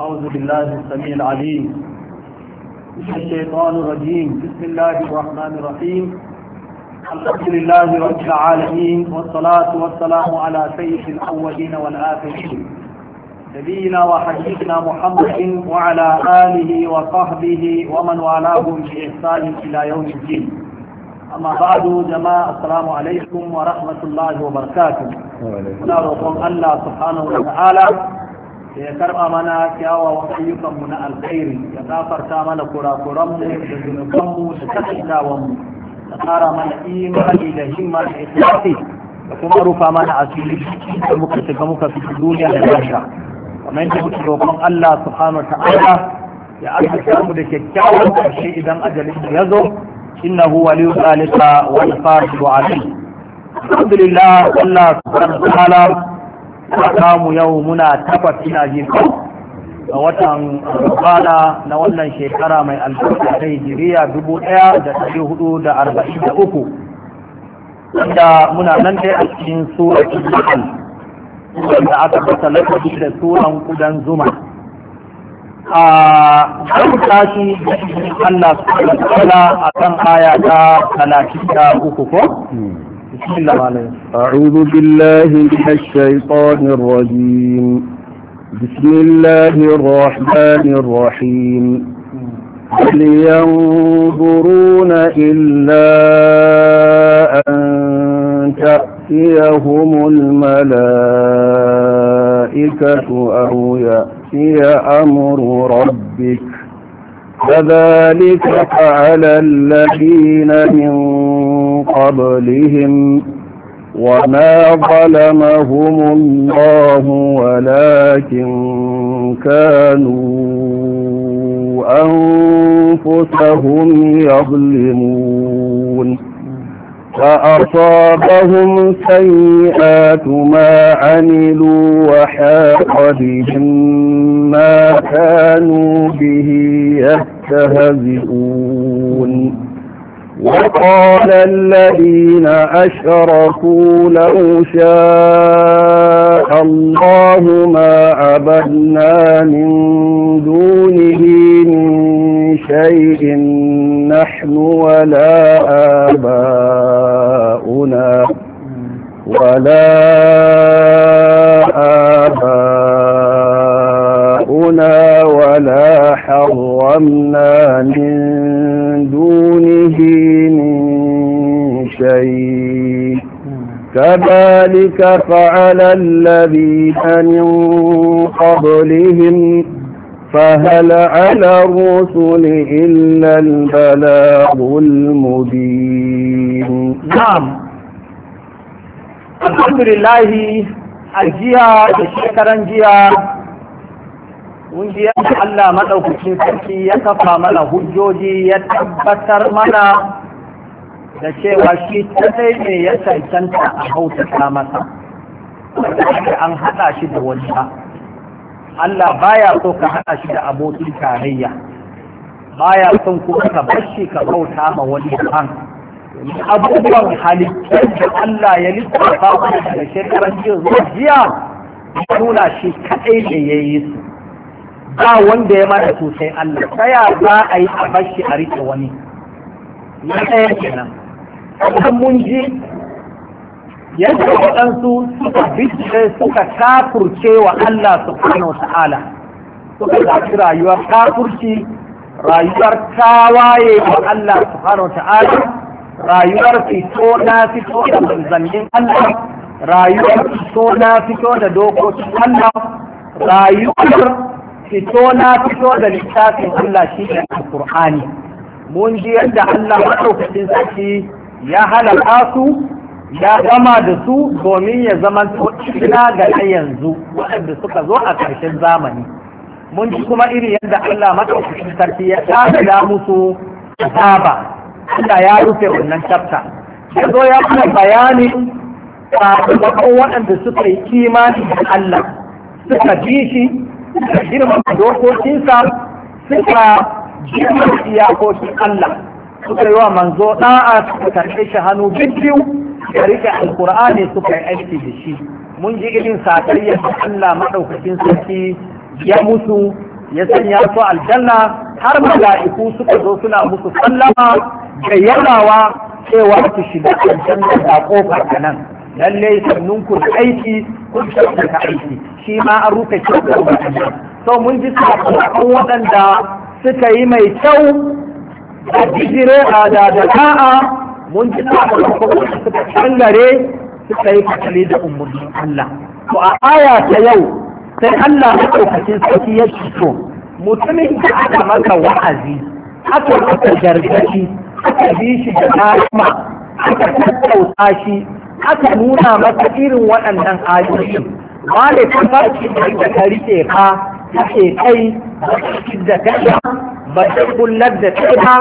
أعوذ بالله السميع العليم الشيطان الرجيم بسم الله الرحمن الرحيم الحمد لله رب العالمين والصلاة والسلام على سيد الأولين والآخرين نبينا وحبيبنا محمد وعلى آله وصحبه ومن والاهم بإحسان إلى يوم الدين أما بعد جماعة السلام عليكم ورحمة الله وبركاته ونرجو الله سبحانه وتعالى da ya karɓa mana kyawawan ayyukanmu na alkhairi ya gafarta mana kurakuranmu da zunubanmu da takaitawanmu da tsara mana imani da himma da ikhlasi da kuma rufa mana asiri da muka shiga muka fi duniya da lafiya kamar yadda muke roƙon Allah subhanahu wa ta'ala ya azurta mu da kyakkyawan ƙarshe idan ajalin ya zo innahu waliyu zalika wal fasidu alayh alhamdulillah Allah subhanahu wa ta'ala kamu yau muna takwas ina jin a watan rubana na wannan shekara mai albarka ta hijiriya dubu ɗaya da ɗari hudu da arba'in da uku inda muna nan dai a cikin suratul nahl da aka fata lafazi da suran kudan zuma a kan tashi Allah subhanahu wa ta'ala akan aya ta 33 ko hmm. أعوذ بالله من الشيطان الرجيم بسم الله الرحمن الرحيم هل ينظرون إلا أن تأتيهم الملائكة أو يأتي أمر ربك كذلك فعل الذين من قبلهم وما ظلمهم الله ولكن كانوا أنفسهم يظلمون فأصابهم سيئات ما عملوا وحاق بهم ما كانوا به يهتدون يستهزئون وقال الذين أشركوا لو شاء الله ما عبدنا من دونه من شيء نحن ولا آباؤنا ولا آباؤنا ربنا ولا حرمنا من دونه من شيء كذلك فعل الذين من قبلهم فهل على الرسل إلا البلاغ المبين نعم الحمد لله الجهة الشكرا جهة ƙungiyar da Allah maɗaukacin sarki ya kafa mana hujjoji ya tabbatar mana da cewa shi kadai ne ya cancanta a hautata masa wanda an haɗa shi da wani Allah baya so ka haɗa shi da abokin tarayya baya son kuma ka shi ka bauta ma wani kan abubuwan halittar da Allah ya lissafa da shekaran jiya ruwa jiya nuna shi kadai ne ya yi su ba wanda ya mara sosai Allah ta ya za a yi a bashi a rike wani na ɗaya nan, kan mun ji yadda waɗansu suka bishe suka kafurce wa Allah subhanahu wa ta'ala suka zafi rayuwar kafurci rayuwar tawaye wa Allah subhanahu wa ta'ala rayuwar fito na fito da manzannin Allah rayuwar fito na fito da dokokin Allah rayuwar fito na fito da littafin Allah shi ne alkur'ani mun ji yadda Allah maɗaukacin sarki ya halaka su ya gama da su domin ya zama ina ga na yanzu waɗanda suka zo a ƙarshen zamani mun ji kuma iri yadda Allah maɗaukacin sarki ya tsada musu azaba Allah ya rufe wannan tafta ya zo ya mana bayanin sakamakon waɗanda suka yi kimani da Allah suka bi shi suka girma dokokinsa suka girma iyakokin Allah suka yi wa manzo ɗa'a suka karɓe shi hannu biyu da rike alkur'ani suka yi aiki da shi mun ji irin da Allah maɗaukakin sarki ya musu ya sanya su aljanna har mala'iku suka zo suna musu sallama da yanawa cewa su shiga aljanna da kofar nan lallai sannunku da aiki kun shafa aiki shi ma an rufe kyau so mun ji sakamakon waɗanda suka yi mai kyau a bijire a da da'a mun ji sakamakon waɗanda suka cangare suka yi kakali da umarnin Allah to a aya ta yau sai Allah ya ɗaukacin sarki ya fito mutumin da aka maka wa'azi aka maka gargaɗi aka bi shi da aka tattauta shi aka nuna maka irin waɗannan ayoyin wale ta farki da ka rike ka take kai ba da kai ba ta kullar da kai ba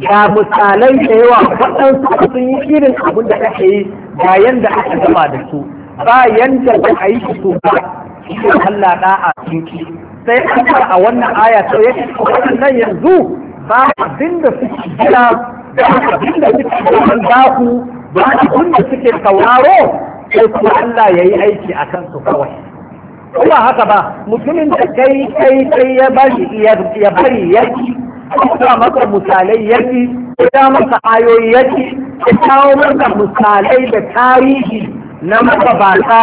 ga misalan da yawa waɗansu sun yi irin abin da kake yi bayan yanda aka gama da su ba yanda ba a yi su ba shi Allah da a cinki sai aka a wannan aya to yake wannan yanzu ba abin da suke gina, da abin da suke da ku ba abin da suke sauraro sai kuma Allah ya yi aiki a kansu kawai kuma haka ba mutumin da kai kai kai ya bari ya bari ya ci ya masa misalai ya ci ya masa ayoyi ya ci ya kawo masa misalai da tarihi na mabata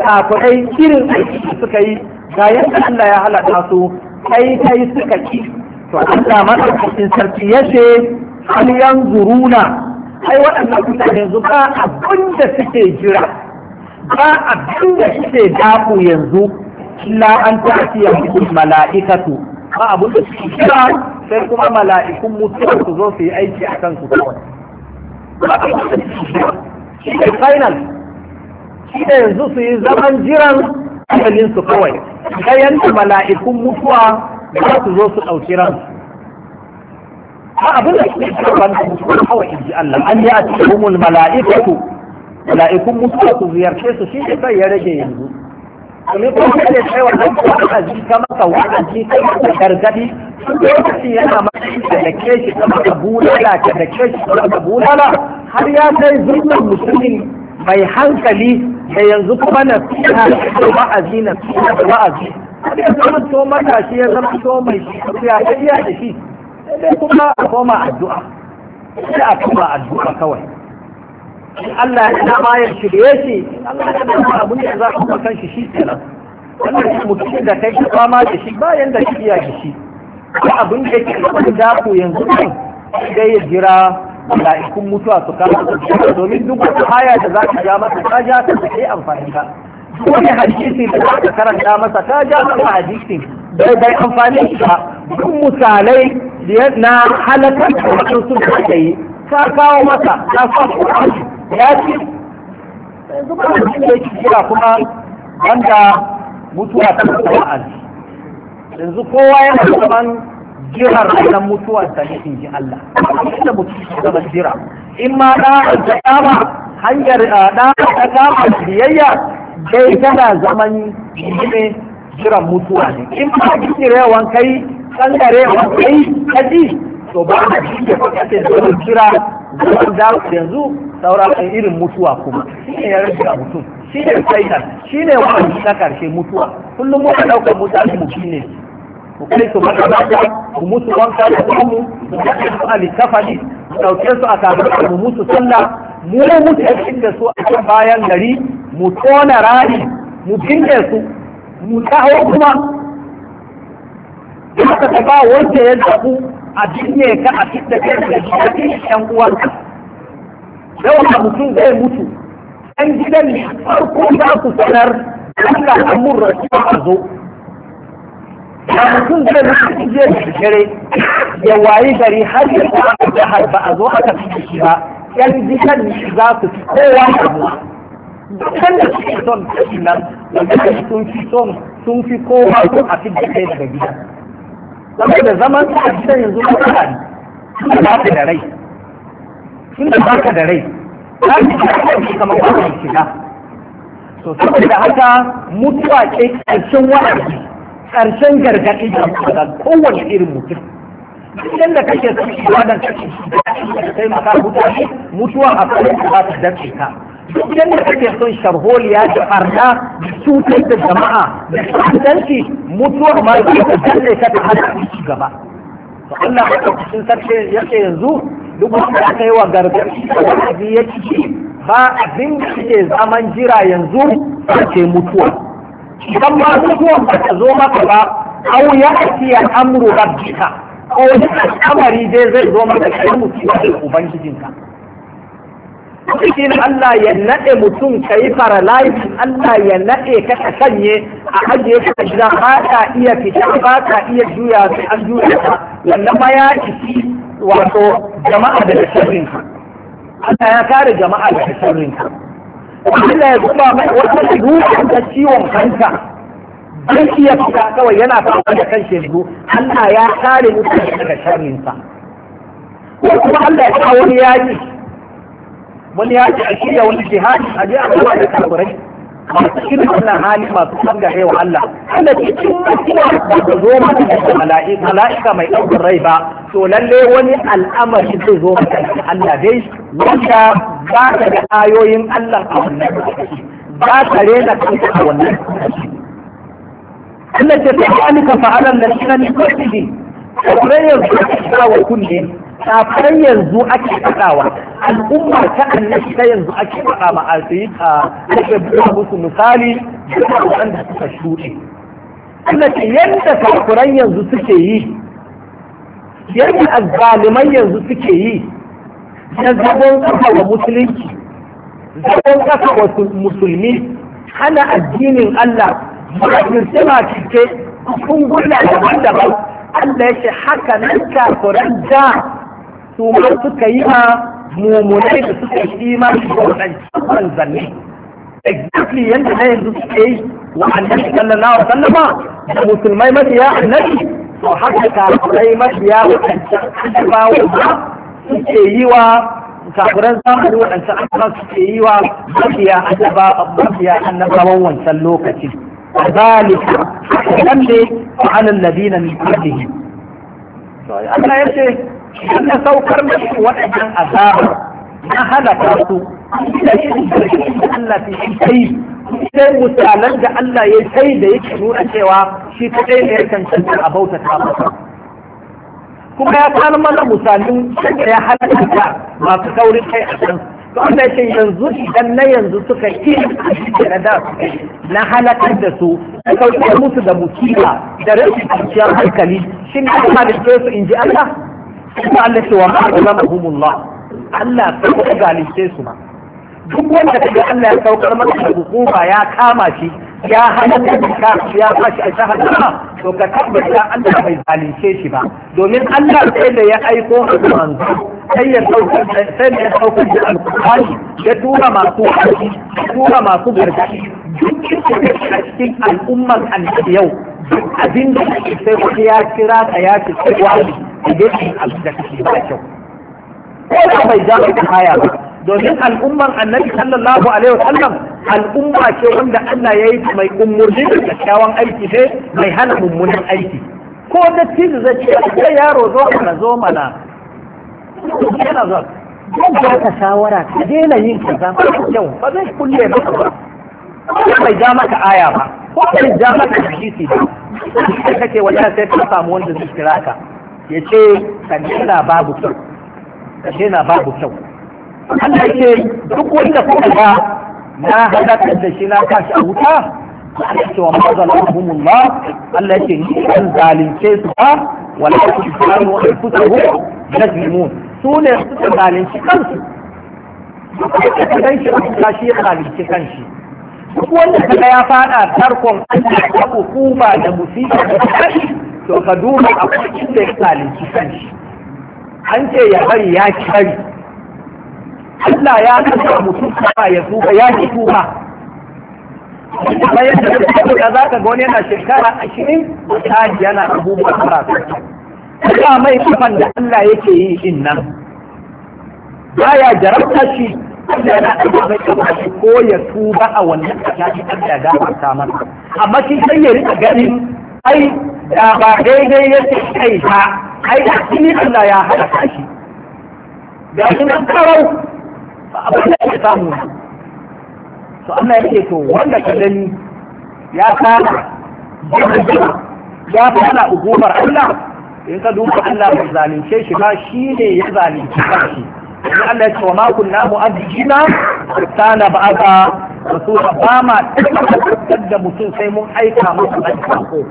kafirai irin aiki da suka yi ga yadda Allah ya halaka su kai kai suka ci to Allah madaukakin sarki ya ce hal yanzuruna ai waɗannan mutane yanzu ba abin da suke jira ba abin da suke dafu yanzu la an fi yanzu mala'ikatu ba abin da suke jira sai kuma mala'ikun mutuwa su zo su yi aiki a kansu kawai shi ne final shi ne yanzu su yi zaman jiran asalin kawai Sai yanzu mala'ikun mutuwa za su zo su ɗauki ransu ba abin da suke karɓa na mutuwa kawai in ji Allah an yi a cikin umul mala'ikatu mala'ikun mutuwa su ziyarce su shi ne kai ya rage yanzu domin ko kai ne kai wannan wa'azi ka masa wa'azi ka masa gargadi lokaci yana masa ka dake shi ka masa bulala ka dake shi ka masa bulala har ya kai zulmin musulmin mai hankali da yanzu kuma na fiya da wa'azi na fiya da wa'azi har ya zama to matashi ya zama to mai shi ya iya da shi sai kuma a koma addu'a sai a addu'a kawai Allah ya dama ya shirye shi Allah ya dama abin da za ku kan shi shi kenan wannan mutum da kai ka fama da shi bayan da shi ya shi ko abin da yake da daku yanzu kan sai ya jira mala'ikun mutuwa su kama domin duk wata haya da za ka ja masa ka ja ta sai amfani ka wani hadisi da aka karanta masa ta ja masa hadisin bai bai amfani ba duk misalai na halakar da wasu sun da yi ka kawo masa ta sa ya ce yanzu ba da yake kira kuma wanda mutuwa ta tsawa yanzu kowa yana zaman jihar wannan mutuwar ta ne in ji Allah inda mutum ya zama jira in ma da ta kama hanyar da ta kama biyayya dai tana zaman gine jiran mutuwa ne in ba rewan kai kangarewan kai kaji to ba da shi ke da wani kira zaman da yanzu saura kan irin mutuwa kuma shi ne ya rage mutum shi ne saitan shi ne wani na karshe mutuwa kullum muka daukar mutane mu shi ne ku kai su makarata ku mutu wanka da samu ku kai su a littafani ku ɗauke su a kafin mu mutu sallah mu mutu ya da su a kan bayan gari mu tona rani mu binne su mu taho kuma haka ta ba wanda ya zaɓu a binne ka a fitta kai da jikin ɗan uwanka yawan mutum zai mutu ɗan gidan ne farko za ku sanar Allah amur rasuwa a zo da mutum zai mutu jiya da dare ya wayi gari har ya da har ba a zo aka fi shi ba yan gidan ne za su fi kowa damuwa dukkan da suke son kashi nan wanda sun fi son sun fi kowa sun a fidda kai daga gida saboda zaman ta a gidan yanzu matsala ne tun da baka da rai tun da ka da rai ta fi da kai kama ba ka shiga to saboda haka mutuwa ce ƙarshen wa'azi ƙarshen gargaɗi da kowane irin mutum idan da kake son ibadan kake da kai maka mutane mutuwa a kai ba ta dace ka duk yadda kake son ya ya barna da cutar da jama'a da cutarci mutuwar ma da ka danne ka ta hada ci gaba to Allah ya kace sarki ce yanzu duk wanda aka yi wa gargaɗi da ya ci ba abin da ke zaman jira yanzu ce mutuwa idan ma mutuwa ba ta zo maka ba au ya atiya amru rabbika ko wani kamari dai zai zo maka mutu ya da ubangijinka cikin Allah ya naɗe mutum ka yi paralyze Allah ya naɗe ka ka sanye a ajiye ka a gida ba ka iya fita ba ka iya juya sai an juya ka wannan ma ya ciki wato jama'a daga sharrin ka Allah ya kare jama'a daga sharrin ka Allah ya zuba mai wata duka ta ciwon hanta zai iya fita kawai yana fama da kan shirgu Allah ya kare mutum daga sharrin sa ko kuma Allah ya kawo wani yaki wani ya ce a shirya wani jihadi a je a zuwa da kafirai masu shirin wannan hali masu sabga ya wa Allah kada ki cin mutuwa ba ta zo mata da mala'ika mala'ika mai ɗaukar rai ba to lalle wani al'amari zai zo mata da Allah dai wanda ba ta da ayoyin Allah a wannan ba ta rena kanta a wannan Allah ce ta alika fa'alan lasina ni kulli kafirai yanzu ta wa kulli kafar yanzu ake faɗawa al'umma ta annabi ta yanzu ake faɗa ma alfi ta take buga musu misali da wanda suka shuɗe Allah ce yadda yanzu suke yi yanda azzaliman yanzu suke yi na zagon kasa wa musulunci zagon kasa wa musulmi hana addinin Allah musulma cike kungulla daban-daban Allah ya ce haka nan kafuran da su ma suka yi ma mummunai da suka yi imani da wadannan zanne exactly yadda na yanzu suka yi wa annabi sallallahu alaihi wasallama da musulmai mafiya annabi to haka kafirai mafiya wadancan annabawa ba suke yi wa kafiran zamani wadancan annabawa suke yi wa mafiya annabawa mafiya annabawan wancan lokaci ذلك ne يفعل الذين من قبلهم. الله يبشر na saukar musu waɗannan azabar na halaka su da shi da Allah ta yi sai sai mutanen da Allah ya sai da yake nuna cewa shi ɗaya ne ya cancanta a bauta ta masa kuma ya kawo mana misalin da ya halaka masu saurin kai a can wanda yanzu idan na yanzu suka yi da da na halakar da su da kautar musu da musiba da rashin kwanciyar hankali shi ne kuma da su in ji Allah kuma Allah ce wa ma'alamahumullah Allah sai ka galice su ma duk wanda ga Allah ya saukar masa da hukuma ya kama shi ya hana ka ya fashi a shahada to ka tabbata Allah bai zalunce shi ba domin Allah sai da ya aiko manzo sai ya saukar sai ya saukar da ya tura masu ya tura masu gargaɗi duk cikin al'ummar annabi yau abin da kake sai wani ya kira ka ya ce sai wani idan ka abin da kake ba kyau ko da bai ja ka haya ba domin al'umman annabi sallallahu alaihi wasallam al'umma ce wanda Allah ya yi mai umurni da kyakkyawan aiki sai mai hana mummunan aiki ko da tizu zai ce yaro zo mana zo mana yana zo zan ba ka shawara ka daina yin kaza ba kyau ba zai kulle maka ba bai ja maka aya ba ko kai da maka hadisi da kake wajen sai ka samu wanda zai kira ka ya ce kaje na babu kyau kaje na babu kyau Allah yake duk wanda kuka ga na halaka da shi na kashi a wuta Allah ce wa mazalamhumullah Allah ce ni an zalunce su ba wala tusanu na yazlimun su ne suka zalunci kansu suka ganshi a kuka shi ya zalunci kanshi duk wanda kaga ya fada tarkon Allah ya hukuma da musiba da kashi to ka duba akwai inda ya zalunci kanshi an ce ya bari ya kari Allah ya kasa mutum ba ya tuba ya ki tuba bayan da kuka da zaka ga wani yana shekara ashirin taji yana abubuwa karatu ya mai kafan da Allah yake yi din nan baya jarabta shi Allah yana ɗauka mai kama shi ko ya tuba a wannan kasa shi Allah ya gafarta masa amma shi sai ya rika ganin ai da ba daidai yake kai ta ai da shi Allah ya halaka shi da shi nan karau abin da ya samu to Allah yake to wanda ka gani ya kana ya fara ugumar Allah in ka duba Allah bai zalunce shi ba shi ne ya zalunce kanshi yanzu Allah ya ce wa makon namu an ta na ba ga rasula ba ma tattabtar da mutum sai mun aika musu ɗan sako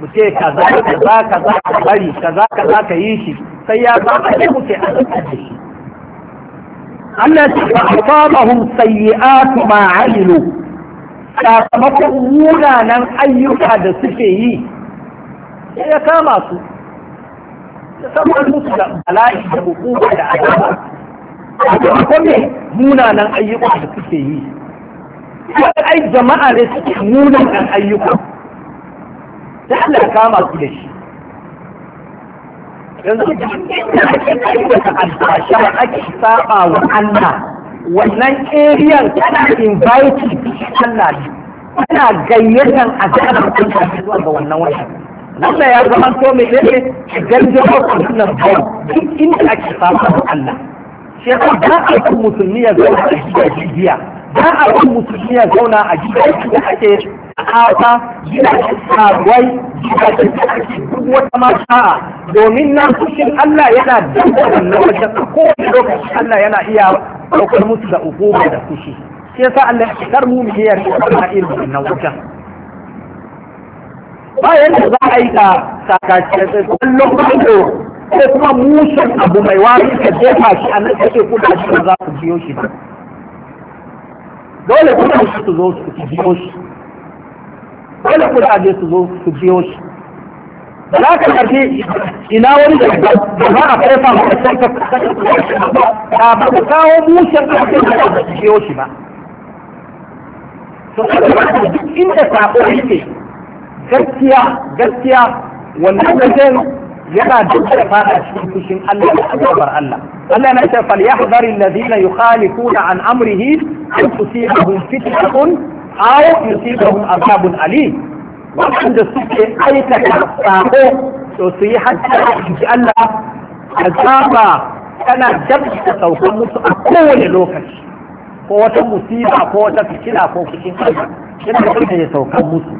mu ce za ka za ka bari ka za ka ka yi shi sai ya ba a ce muke a da shi Allah ya ce ba a ba mahum sayyi'atu ma amilu sakamakon munanan ayyuka da suke yi sai ya kama su samar musu da bala'i da hukuma da azaba sakamakon ne munanan ayyuka da suke yi ai jama'a ne suke munanan ayyuka da Allah kama su da shi yanzu da ake aikata albasha ake saba wa Allah wannan eriyan tana invite Allah ne tana gayyatan azabar Allah zuwa ga wannan wannan Allah ya zama to mai ne gargaɗo a wannan duk inda ake saba wa Allah shi yasa ba a kan musulmi ya zauna a gidajen giya ba a kan musulmi ya zauna a gidajen da ake ƙasa gidajen sabuwai gidajen da ake duk wata mata a domin na kushin Allah yana dukkan wannan wajen a kowane lokaci Allah yana iya daukar musu da ukuba da kushi shi yasa Allah ya fitar mu mu yiyar na irin wannan wajen bayan da za a yi ta sakaciyar tsallan bango ko kuma mushen abu mai wari ka jefa shi a nan kake kuda shi ba za ku biyo shi ba dole kuda shi su zo su biyo shi dole kuda su zo su biyo shi za ka karfi ina wani da ba a kaifa ba a ka ba ba ka kawo mushen da kake kuda ba su biyo shi ba to inda sako yake gaskiya gaskiya wannan gaskiya yana duk da fada cikin fushin Allah da azabar Allah Allah na yana cewa falyahdhar alladhina yukhalifuna an amrihi an tusibahum fitnatun aw yusibahum azabun alim wanda suke aikata sako to su yi a inji Allah azaba tana dabta saukan musu a kowane lokaci ko wata musiba ko wata fitina ko cikin Allah yana da ya saukan musu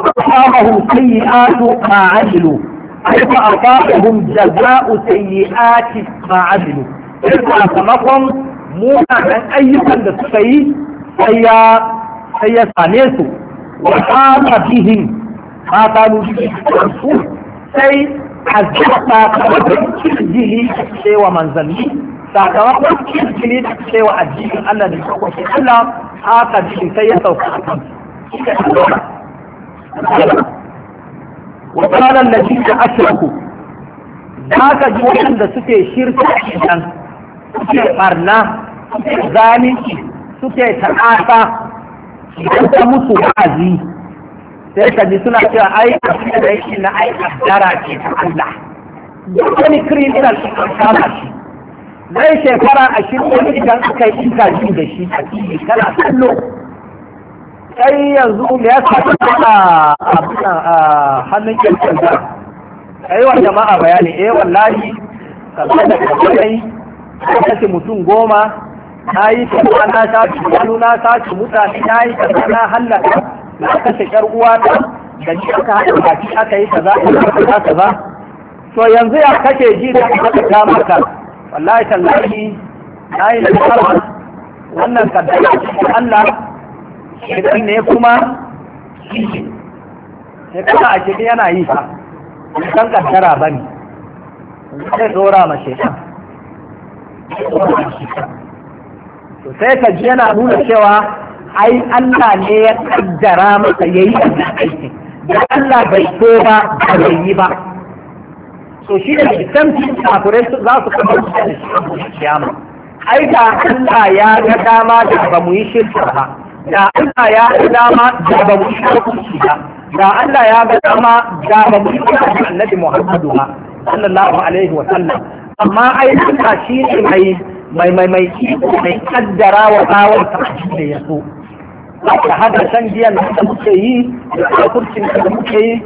Allahum sayyi'atu ma'amilu haifa alfahum jaza'u sayyi'ati ma amilu haifa sakamakon munanan ayyukan da suka yi sai ya same su wa qama bihim ma kanu bihi sai azaba sakamakon kirjili cewa manzanni sakamakon kirjili cewa addinin Allah da kwakwace Allah haka jikin sai ya sauka a kan wa tsanan da shi da ashirku za ka ji waɗanda suke shirka idan suke barna suke zalunci suke ta'asa, idan ta musu ba'azi. sai ka ji suna cewa ai a cikin da yake na ai addara ce ta Allah wani criminal shi an kama shi zai shekara ashirin idan aka yi intaji da shi a cikin kana kallo kai yanzu me ya sa kana a hannun kirkin da kai wa jama'a bayani eh wallahi kaza da kai kace mutum goma na yi kaza na ci wani na ci mutane na yi kaza na hallaka na kashe yar uwa ta da ni aka haɗa baki aka yi kaza kaza kaza to yanzu ya kake ji da aka ta maka wallahi tallahi na yi na wannan kaddara Allah shaidan ne kuma ne kuma a cikin yana yi fa san kankara ba ne zai tsora ma shaidan sai ka ji yana nuna cewa ai Allah ne ya kaddara masa yi wannan aikin da Allah bai so ba ba yi ba so shi da samfin kafirai za su kuma su shi kiyama ai da Allah ya ga dama da ba mu yi shirka ba da Allah ya ga dama da ba mu yi hukunci ba da Allah ya ga dama da ba mu yi hukunci annabi Muhammadu ba sallallahu alaihi wa sallam amma ai Allah shi ne mai mai mai mai mai kaddara wa bawon ta da ya so da haka san biyan da muke yi da kurcin da muke yi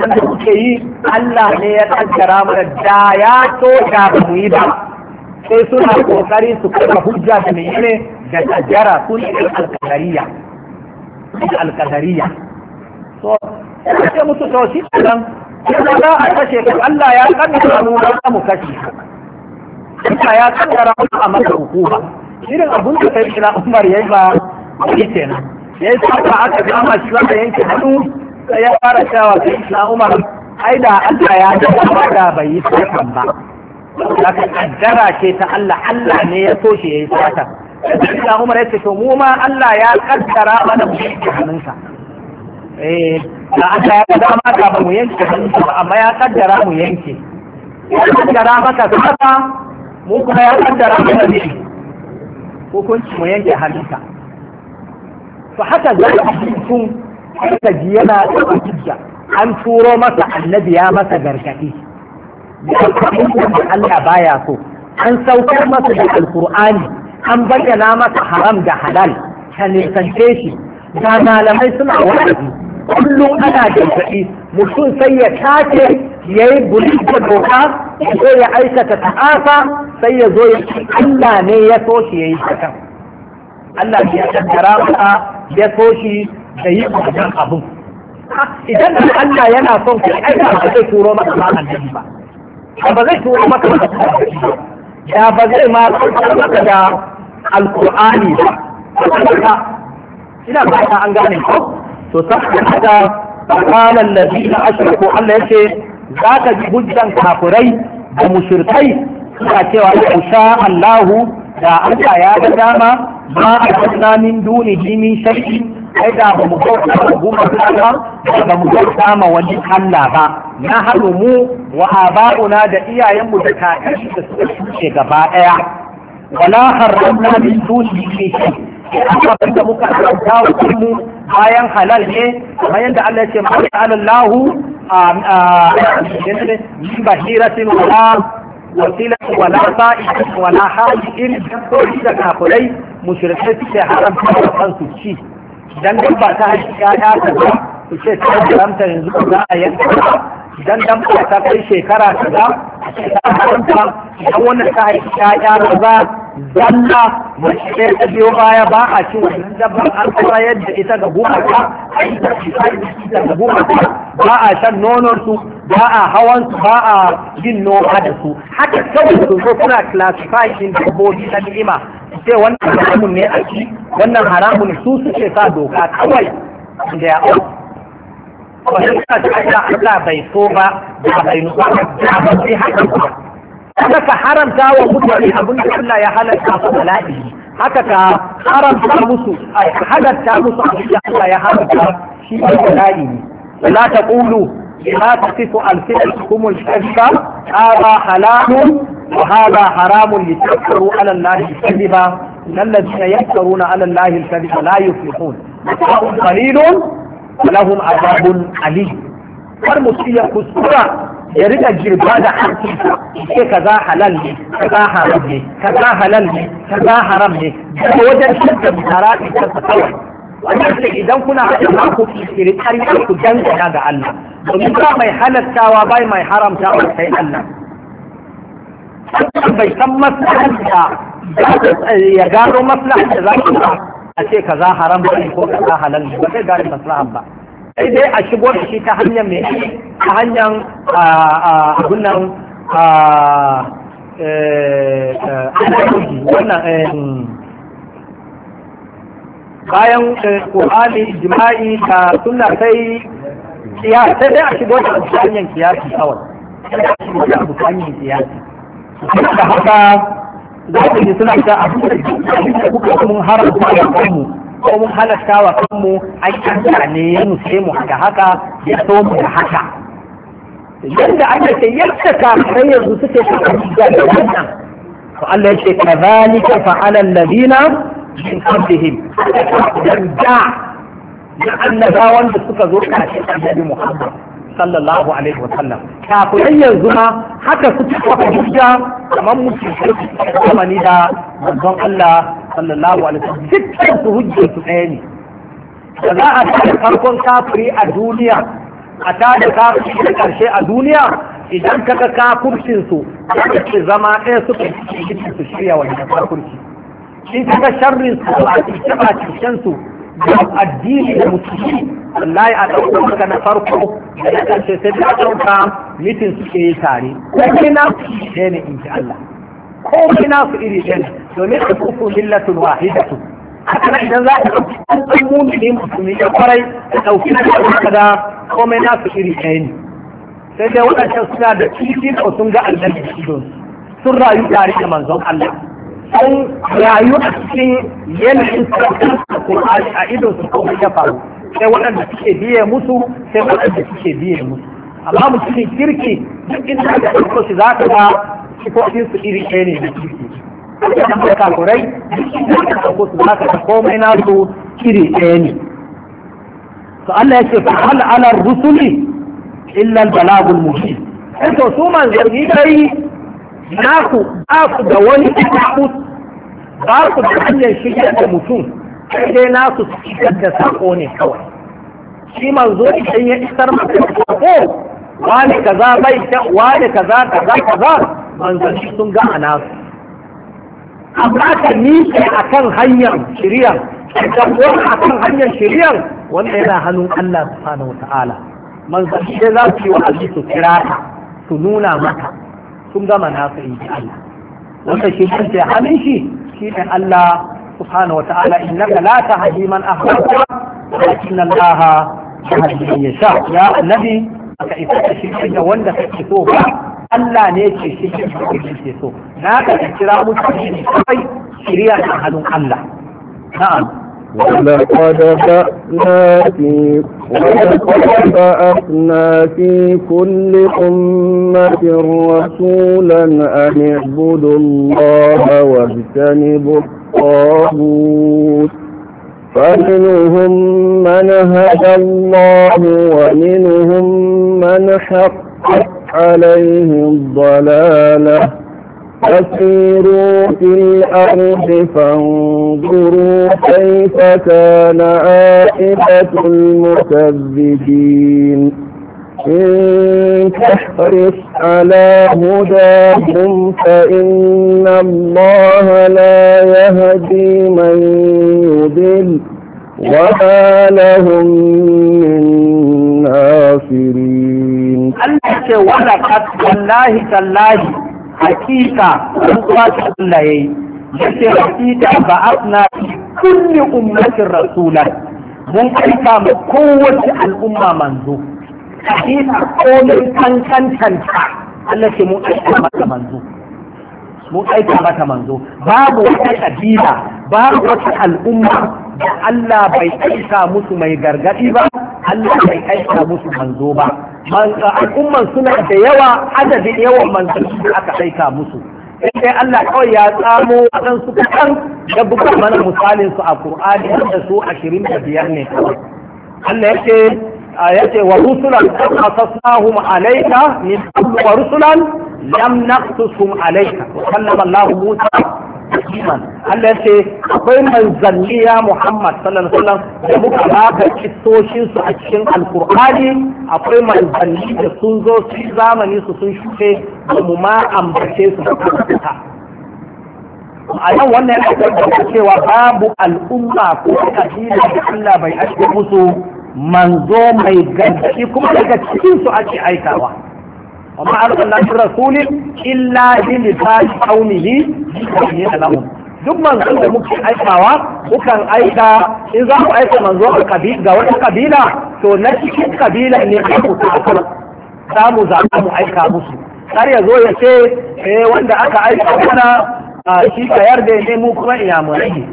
da muke yi Allah ne ya kaddara mana da ya so da ba mu yi ba sai suna kokari su kuma hujja da ne da tajara sun yi alkadariya sun alkadariya so sai ce musu to shi nan sai za a kashe ka Allah ya kaddara mu za mu kashe Allah ya kaddara mu a masa hukuma irin abun da sai kira Umar yayi ba shi kenan yayi sai aka kama shi wanda yanke hannu sai ya fara cewa sai Umar ai da Allah ya kaddara da bai yi sakan ba haka kaddara ce ta Allah Allah ne ya so shi yi sata da Umar ce to mu ma Allah ya kaddara mana mu yanke hannunsa eh da ya kaddara maka ba mu yanke hannunsa ba amma ya kaddara mu yanke ya kaddara maka sata mu kuma ya kaddara mana ne hukunci mu yanke hannunsa to haka za a sun ka ji yana da hujja an turo masa annabi ya masa gargaɗi da Allah baya so an saukar masa da alkur'ani an bayyana masa haram da halal ta nisance shi ga malamai suna wa'azi kullum ana gargaɗi mutum sai ya tace ya yi buli da doka ya zo ya aikata ta'afa sai ya zo ya ce Allah ne ya so shi ya yi hakan Allah ya kaddara masa ya so shi da yi wannan abun idan Allah yana son ku aika ba zai turo maka ba annabi ba ba zai tura maka ya ba zai ma maka da alkur'ani ba ina ba an gane ko to saboda haka qala allazina ashraku Allah yace zaka ji hujjan kafirai da mushrikai suna cewa insha Allahu da Allah ya ga dama ma a min dunihi min shay'in ai da ba mu bauta ma goma Allah ba mu bauta ma wani Allah ba na haɗu mu wa aba'una da iyayenmu da kakanni da suka shuke gaba ɗaya wala harramna min shi, shay'in abin da muka karanta wa mu bayan halal ne kamar yadda Allah ya ce ma alallahu min bahiratin wala wasila wala sa'id wala hajin dabbobi da kafirai mushrikai suke haramta da kansu ci dan ba ta haifiya ya kaza ku ce ta haramta yanzu ko za a yanka dan ba ta kai shekara ta a ta haramta wannan ta haifiya ya kaza dalla mace ɗaya ta biyo baya ba a ci wannan dabba an tsayar da ita ga gumaka da ga gumaka ba a shan nonon su ba a hawan su ba a yin noma da su haka kawai su zo suna classify din dabbobi ta ni'ima ce wannan haramun ne a ci wannan haramun su suke sa doka kawai da ya ba shi ta Allah bai so ba da bai nufa da ba sai haka ba kada ka haramta wa mutane abin da Allah ya halatta su bala'i haka ka haramta musu halatta musu abin da Allah ya haramta shi ne bala'i ne la taqulu la taqifu alsinatukum al-kadhiba hadha halalun wa hadha haramun litaftaru ala Allah al-kadhiba الذين يفترون على الله الكذب لا يفلحون متاع قليل ولهم عذاب أليم فرمسية كسورة ya rika girba da hankinsa ce kaza halal ne kaza haram ne kaza halal ne kaza haram ne daga wajen shirka tara ne kansa kawai wannan ce idan kuna haɗa ma ku kiri ƙarfi ku dangana ga Allah domin ba mai halattawa bai mai haramta haramtawa sai Allah bai san maslahar ya gano maslahar da za ku ba a ce kaza haram ne ko kaza halal ne ba zai gane maslahar ba sai dai a shigo da shi ta hanyar mai ta hanyar abin nan eh, eh, wannan eh, bayan ƙo'ani jima'i ta suna sai kiyasi sai dai a shigo da hanyar kiyasi kawai sai da haka za ku ji suna ta abin da kuka mun haramta da kanmu ko mun halatta wa kanmu ai Allah ne mu sai mu haka haka ya so mu da haka yadda Allah ke yadda kafirai yanzu suke shiga da wannan to Allah ya yake kadhalika fa'ala alladhina min qablihim dan da da annaba da suka zo kafin Annabi Muhammad sallallahu alaihi wa sallam kafirai yanzu ma haka suke kafa hujja kamar mutum da zamani da manzon Allah sallallahu alaihi wasallam dukkan su hujjar su ɗaya ne da za a tada farkon kafiri a duniya a tada kafiri da ƙarshe a duniya idan kaga kafurcin su kaga ce zama ɗaya suka cikin su shirya wajen kafurci in kaga sharrin su a cikin a cikin su da addini da musulmi wallahi a ɗaukar maka na farko da na ƙarshe sai da ɗauka mitin suke yi tare sai na ne in ji Allah komai nasu iri ɗin domin a kuku millatun wahidatu haka na idan za a ɗauki ɗan ɗan mumini musulmi ya kwarai da ɗauki na ɗauka da komai nasu iri ɗaya ne sai dai waɗancan suna da kifi da sun ga annabi da idon sun rayu tare da manzon Allah sun rayu a cikin yanayin sarkar Qur'ani a idon su komai ya faru sai waɗanda suke biye musu sai waɗanda suke biye musu amma mutumin kirki duk inda da ɗauko shi za ka ga sifofin su iri ɗaya ne da kirki kan da kakurai da ka ɗauko su za ka ta komai na su iri ɗaya ne to Allah ya ce fa hal ala rusuli illa al balagul mubin sai eh, to su manzanni dai naku ba ku da wani ta'ud ba ku da hanyar shigar da mutum sai dai nasu su shigar da sako ne kawai shi man zo idan ya isar maka da sako wani kaza bai kyau wani kaza kaza kaza manzanni sun ga a nasu amma ka nishe a kan hanyar shiriyar jagora a kan hanyar shiriyar wanda yana hannun Allah subhanahu wata'ala manzanni dai za su yi wa Ali su kira ta su nuna mata sun gama nasu in ji Allah wanda shi kan ce hannun shi shi ne Allah subhanahu inna innaka la tahdi man ahbabta walakin Allah yahdi man yasha ya annabi baka isa ka shigar da wanda kake so ba Allah ne ke shigar da wanda kake so na ka kira mutane ne kai shirya da hannun Allah na'am ولقد بأسنا في ولقد بأسنا في كل أمة رسولا أن اعبدوا الله واجتنبوا الطاغوت فمنهم من هدى الله ومنهم من حقت عليه الضلالة فسيروا في الأرض فانظروا كيف كان عاقبة المكذبين إن تحرص على هداهم فإن الله لا يهدي من مضل وَمَا لهم من ناصرين الله ce wanda wallahi tallahi hakika sun kwace Allah yayi yace hakika ba asna kulli ummatin rasula mun aika mu kowace al'umma manzo hakika komai kankantanta Allah ce mun aika mata manzo mun mata manzo babu wata kabila ba wata al'umma da Allah bai aika musu mai gargadi ba Allah bai aika musu manzo ba al'umman suna da yawa adadin yawan manzanni da aka aika musu sai Allah kawai ya tsamo waɗansu kaɗan da buga mana misalin su a Qur'ani da su ashirin biyar ne kawai Allah yake yace wa rusulan qasasnahum alayka min qabl wa rusulan lam naqsusum alayka wa kallama Musa iman Allah ce akwai manzaniya Muhammad sallallahu alaihi wasallam da muka baka kissoshin su a cikin alkur'ani akwai manzanni da sun zo su zamani su sun shuke da mu ma ambace su da a yau wannan yana da cewa babu al'umma ko kabila da Allah bai ajiye musu manzo mai ganci kuma daga cikin su ake aikawa وما أرسلنا من رسول إلا بلسان قومه يبين لهم duk manzon da muke aikawa kukan aika in za ku aika manzo ga wata kabila to na cikin kabila ne a ku ta za mu mu aika musu har ya zo ya ce eh wanda aka aika mana shi ka yarda ne mu kuma iyamurai ne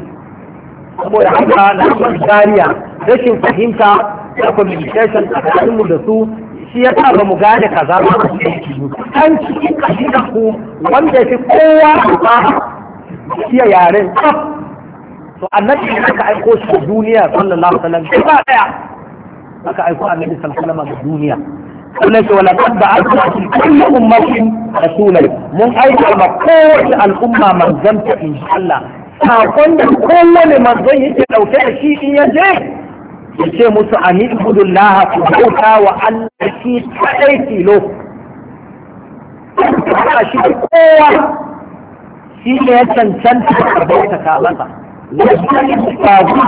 saboda haka na kuma jariya rashin fahimta da communication a mu da su shi ya sa ba mu gane kaza ba an cikin kashi da ku wanda fi kowa ba iya yaren tsaf to annabi ne aka aiko shi da duniya sallallahu alaihi wasallam ba daya aka aiko annabi sallallahu alaihi wasallam da duniya sannan ce wala qad ba'athna fi kulli ummatin rasulan mun aika ma kowace al'umma manzanta insha Allah sakon da kowane manzon yake dauke da shi in ya je ya ce musu a ni'budullaha ku bauta wa Allah shi kadai tilo ba shi da kowa shi ne ya cancanta a bauta ka masa wajen tagu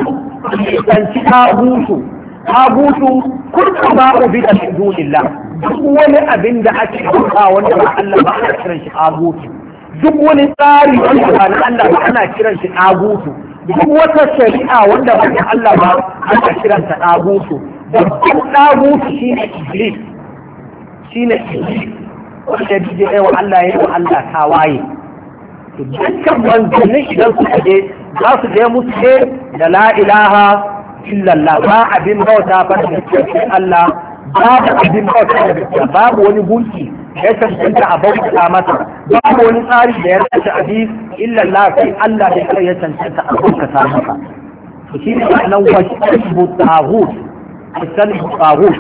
ya canci tagutu tagutu kurka ba ku bi da dunillah duk wani abin da ake bauta wanda ba Allah ba ana kiran shi tagutu duk wani tsari wanda ba na Allah ba ana kiran shi tagutu duk wata shari'a wanda ba ta Allah ba ana kiranta ɗagutu babban ɗagutu shi iblis shi ne iblis wanda ya je wa Allah ya wa Allah ta tawaye dukkan manzannin idan suka je za su je musu ne da la ilaha illallah ba abin bauta ba da Allah ba abin bauta da babu wani gunki ya cancanta a bauta masa babu wani tsari da ya rasa abi illa Allah sai Allah da kai ya cancanta a bauta masa to shi ne nan wa shi tahud asal tahud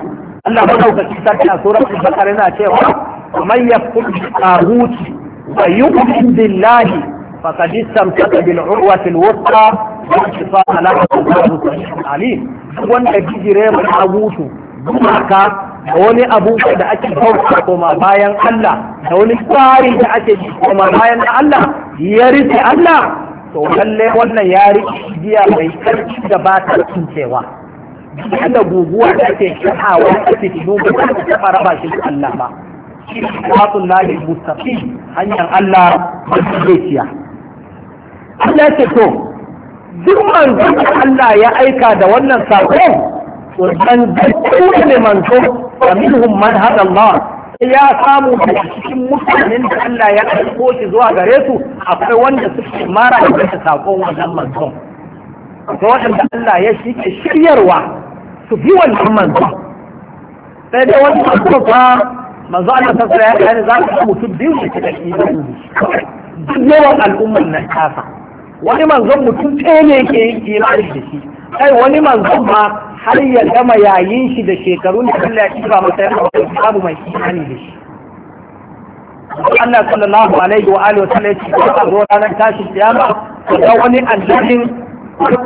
Allah ba dauka shi ta cikin suratul baqara yana cewa man yakfur tahud wa yu'min billahi faqad istamsaka bil urwati al-wuthqa wa ittifaq lahu Allahu alim wanda bijire mai abutu gumaka da wani abu da ake bauta koma bayan Allah da wani tsari da ake koma bayan Allah ya rike Allah to lalle wannan ya rike biya mai karfi da ba ta tuncewa da guguwa da ake kahawa a cikin dubu da ta fara ba shi Allah ba na lahi mustafi hanyar Allah da Allah ya ce to duk manzon Allah ya aika da wannan sakon wannan ne manzo wa minhum man hada Allah ya samu da cikin mutanen da Allah ya aiko shi zuwa gare su akwai wanda suke mara da sakon wannan manzon to wanda Allah ya shi shike shiryarwa su bi wannan manzon sai dai wani manzo fa manzo Allah ta sai ya ne za su mutu biyu ne ta imani duk yawan al'umman nan kafa wani manzon mutum ɗaya ne yake yin imani da shi kai wani manzon ma har ya gama yayin shi da shekarun da Allah ya kifa masa ya babu mai imani da shi Allah sallallahu alaihi wa alihi wa sallam ya ka zo ranar tashi kiyama ga wani annabin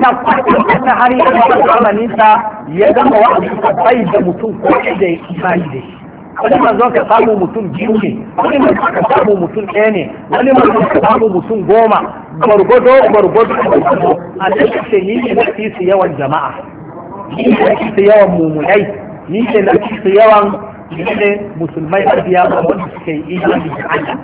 ta har ya gama zamanin sa ya gama wa'azi bai da mutum ko da ya imani da shi wani manzon ka samu mutum biyu ne wani manzon ka samu mutum ɗaya ne wani manzon ka samu mutum goma gwargwado gwargwado gwargwado a ce ni ne na fi yawan jama'a ni ne na fi yawan mumunai ni ne na fi yawan ne musulmai har biya ba wanda suke yi imani da Allah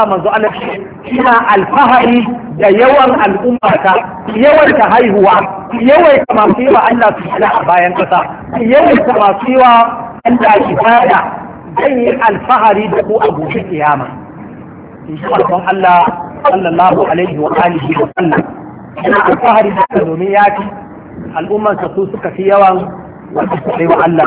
ya manzo Allah ce ina alfahari da yawan al'ummata yawan ta haihuwa yawan ta masu yi wa Allah su a bayan kasa yawan ta masu yawa. Allah shi fada zan yi alfahari da ku a gobe kiyama in shi Allah sallallahu alaihi wa alihi wa sallam yana alfahari da ku domin ya fi al'umman su suka fi yawan wanda su kai wa Allah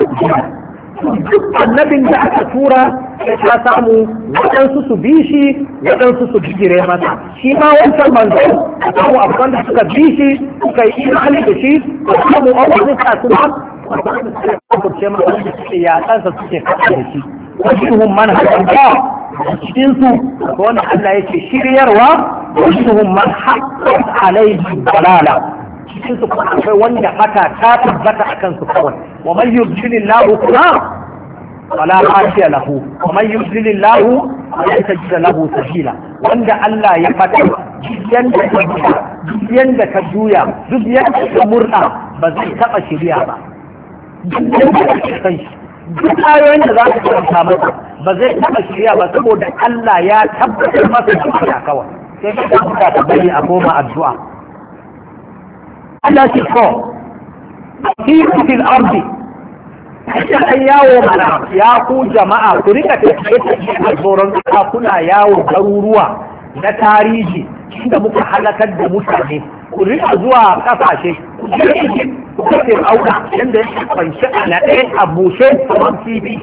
duk annabin da aka tura ya samu waɗansu su bi shi waɗansu su bijire mata. shi ma wancan manzo a samu abubuwan da suka bi shi suka yi imani da shi a samu abubuwan da suka ba su suke kafurce masa wanda suke yaƙansa suke kafa da shi wasu man haƙƙa cikin su ko wani Allah yake shiryarwa wasu man haƙƙa alaihi balala cikin su kuma akwai wanda haka ta tabbata a kansu kawai wa man yubjilin lahu kuma wala hasiya lahu wa man yubjilin lahu ya tajida lahu sabila wanda Allah ya fata duk yanda ka juya duk yanda ka juya duk yanda ka murda ba zai taɓa shirya ba duk ayoyin da za su karanta masa ba zai taɓa shirya ba saboda Allah ya tabbatar masa shirya kawai sai ka buga ta bari a koma addu'a Allah shi ko akiku fil ardi kashin an yawo mana ya ku jama'a ku rika tafiye tafiye a tsoron kuna yawo garuruwa na tarihi inda muka halakar da mutane ku riƙa zuwa ƙasashe, ku je ku kafe auda yanda kwanci a na a bushe kamar kifi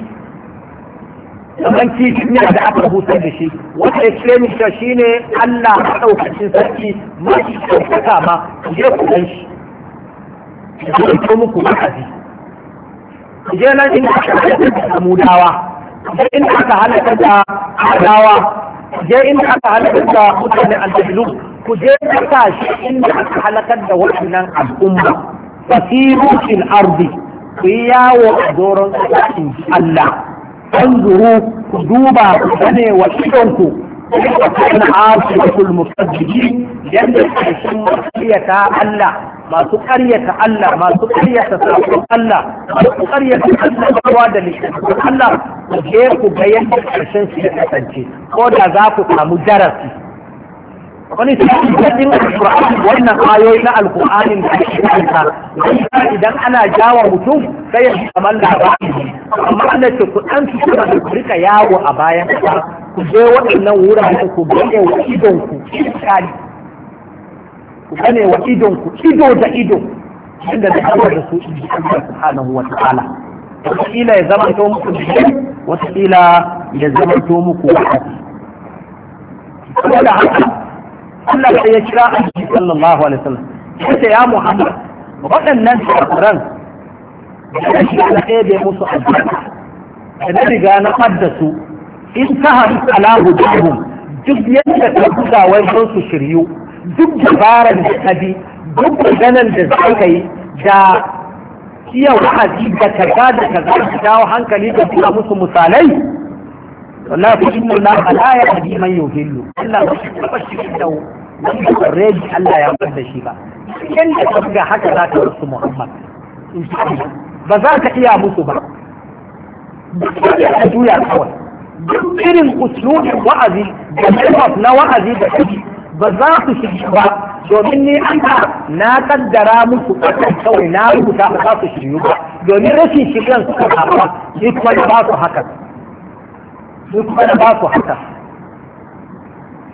kamar kifi ne da aka busar da shi wata extremista shi ne Allah a ɗaukacin sarki mafi ɗaukaka ma ku je ku ɗan shi ku ɗauko muku makazi ku je nan inda aka halaka da mudawa je inda aka halaka da adawa je inda aka halaka da mutane al ku je ka shi inda aka halakar da waɗannan al'umma fasiru fil ardi ku yi yawo a doron tsakin Allah anzuru ku duba ku gane wa idonku kuma kana asiyatul mukazzibi yanda kashin wasiyata Allah masu ƙaryata Allah masu ƙaryata sabon Allah masu ƙaryata Allah kowa da likitan Allah ku je ku ga yadda karshen su ya kasance ko da za ku samu darasi wani tsakin alkur'ani wannan ayoyi na alkur'anin da ake kanta idan ana jawa mutum sai ya kamar labari amma ana ce ku dan su kuma da rika yawo a bayan ku je waɗannan wuraren ku gane wa idon ku iskali ku gane wa idon ku ido da ido inda da kawar da su in Allah subhanahu wa ta'ala wataƙila ya zama to muku wataƙila ya zama to muku wa'azi saboda haka Allah sai ya kira annabi sallallahu alaihi wasallam sai ya Muhammad waɗannan kafiran da shi na ɗebe musu aljanna da riga na fadda su in ta haru alahu hujjahum duk yadda ka buga wai don su shiryu duk dabarar da ka bi duk maganar da za ka yi da iya wa'azi da kaza da kaza da dawo hankali da buga musu misalai wallahi ko inna allaha la yahdi man yuhillu Allah ba shi ba shi da reji Allah ya bar da shi ba kin da kaga haka za ta rasu Muhammad ba za ka iya musu ba da juya kawai irin usulun wa'azi da method na wa'azi da kaji ba za su shiga ba domin ni an na kaddara musu ƙasar kawai na rubuta ba za su shiryu ba domin rashin shigan suka kafa ni kuma ba su haka sai kuma da ba su haka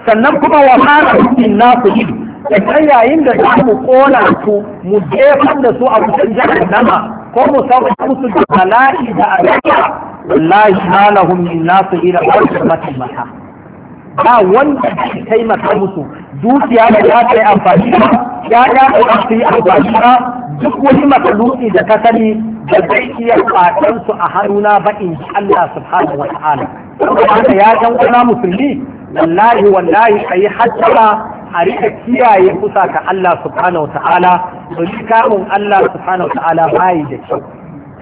sannan kuma wa mara hukin nasu yi. sannan yayin da za mu kona su mu jefar da su a wutan jahannama ko mu sauka musu da bala'i da azaba wallahi ma lahum min nasu ila wajhatil maha ba wanda ke taimaka musu dukiya da za ta yi amfani ba ya ya da ta yi amfani ba duk wani makaluki da ka sani da zai iya fatan su a haruna ba in ji Allah subhanahu wa ta'ala saboda ya dan kuna musulmi wallahi wallahi kai hatta a rika kiyaye kusa ka Allah subhanahu wa ta'ala domin kamun Allah subhanahu wa ta'ala bai da kyau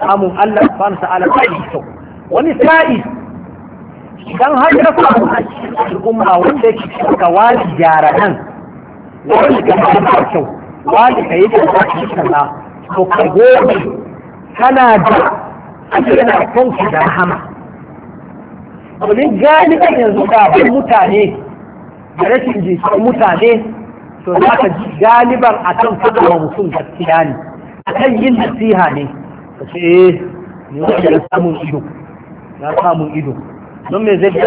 kamun Allah subhanahu wa ta'ala bai da kyau wani sa'i Don har da kuma al'umma wanda ke suka wani gyara nan wani ga yi da kyau wani ka yi da sana to ka gobe kana da ake yana kanku da rahama domin galiban yanzu kafin mutane da rashin jikin mutane to za ka ji galiban a kan fada wa mutum gaskiya ne a kan yin nasiha ne ka ce eh ne wanda na samun ido na samun ido don me zai biya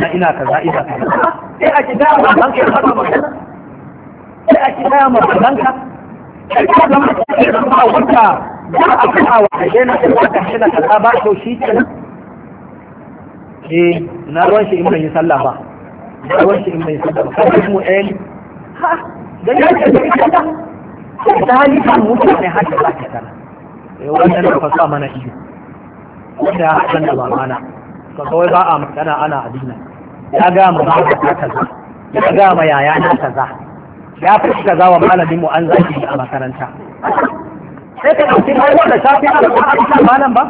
da ina kaza ina kaza sai a kida ma banka ya fara magana sai a kida ma banka sai ka ga mutum ya ba wanda za a kawo wa kashe na kashe na kaza ba to shi kenan eh na ruwan shi in ban yi sallah ba na ruwan shi in ban yi sallah ba kan mu eh ha dan ya ce ta hali kan mutane haka ba ta kana eh wannan ba sa mana ido wanda ya da ba mana ka kawai ba a magana ana abina ya ga mu ba ta kaza ya ga ma yaya na kaza ya fi kaza wa malamin mu an zaki a makaranta sai ka dauki har wanda shafi a makaranta malam ba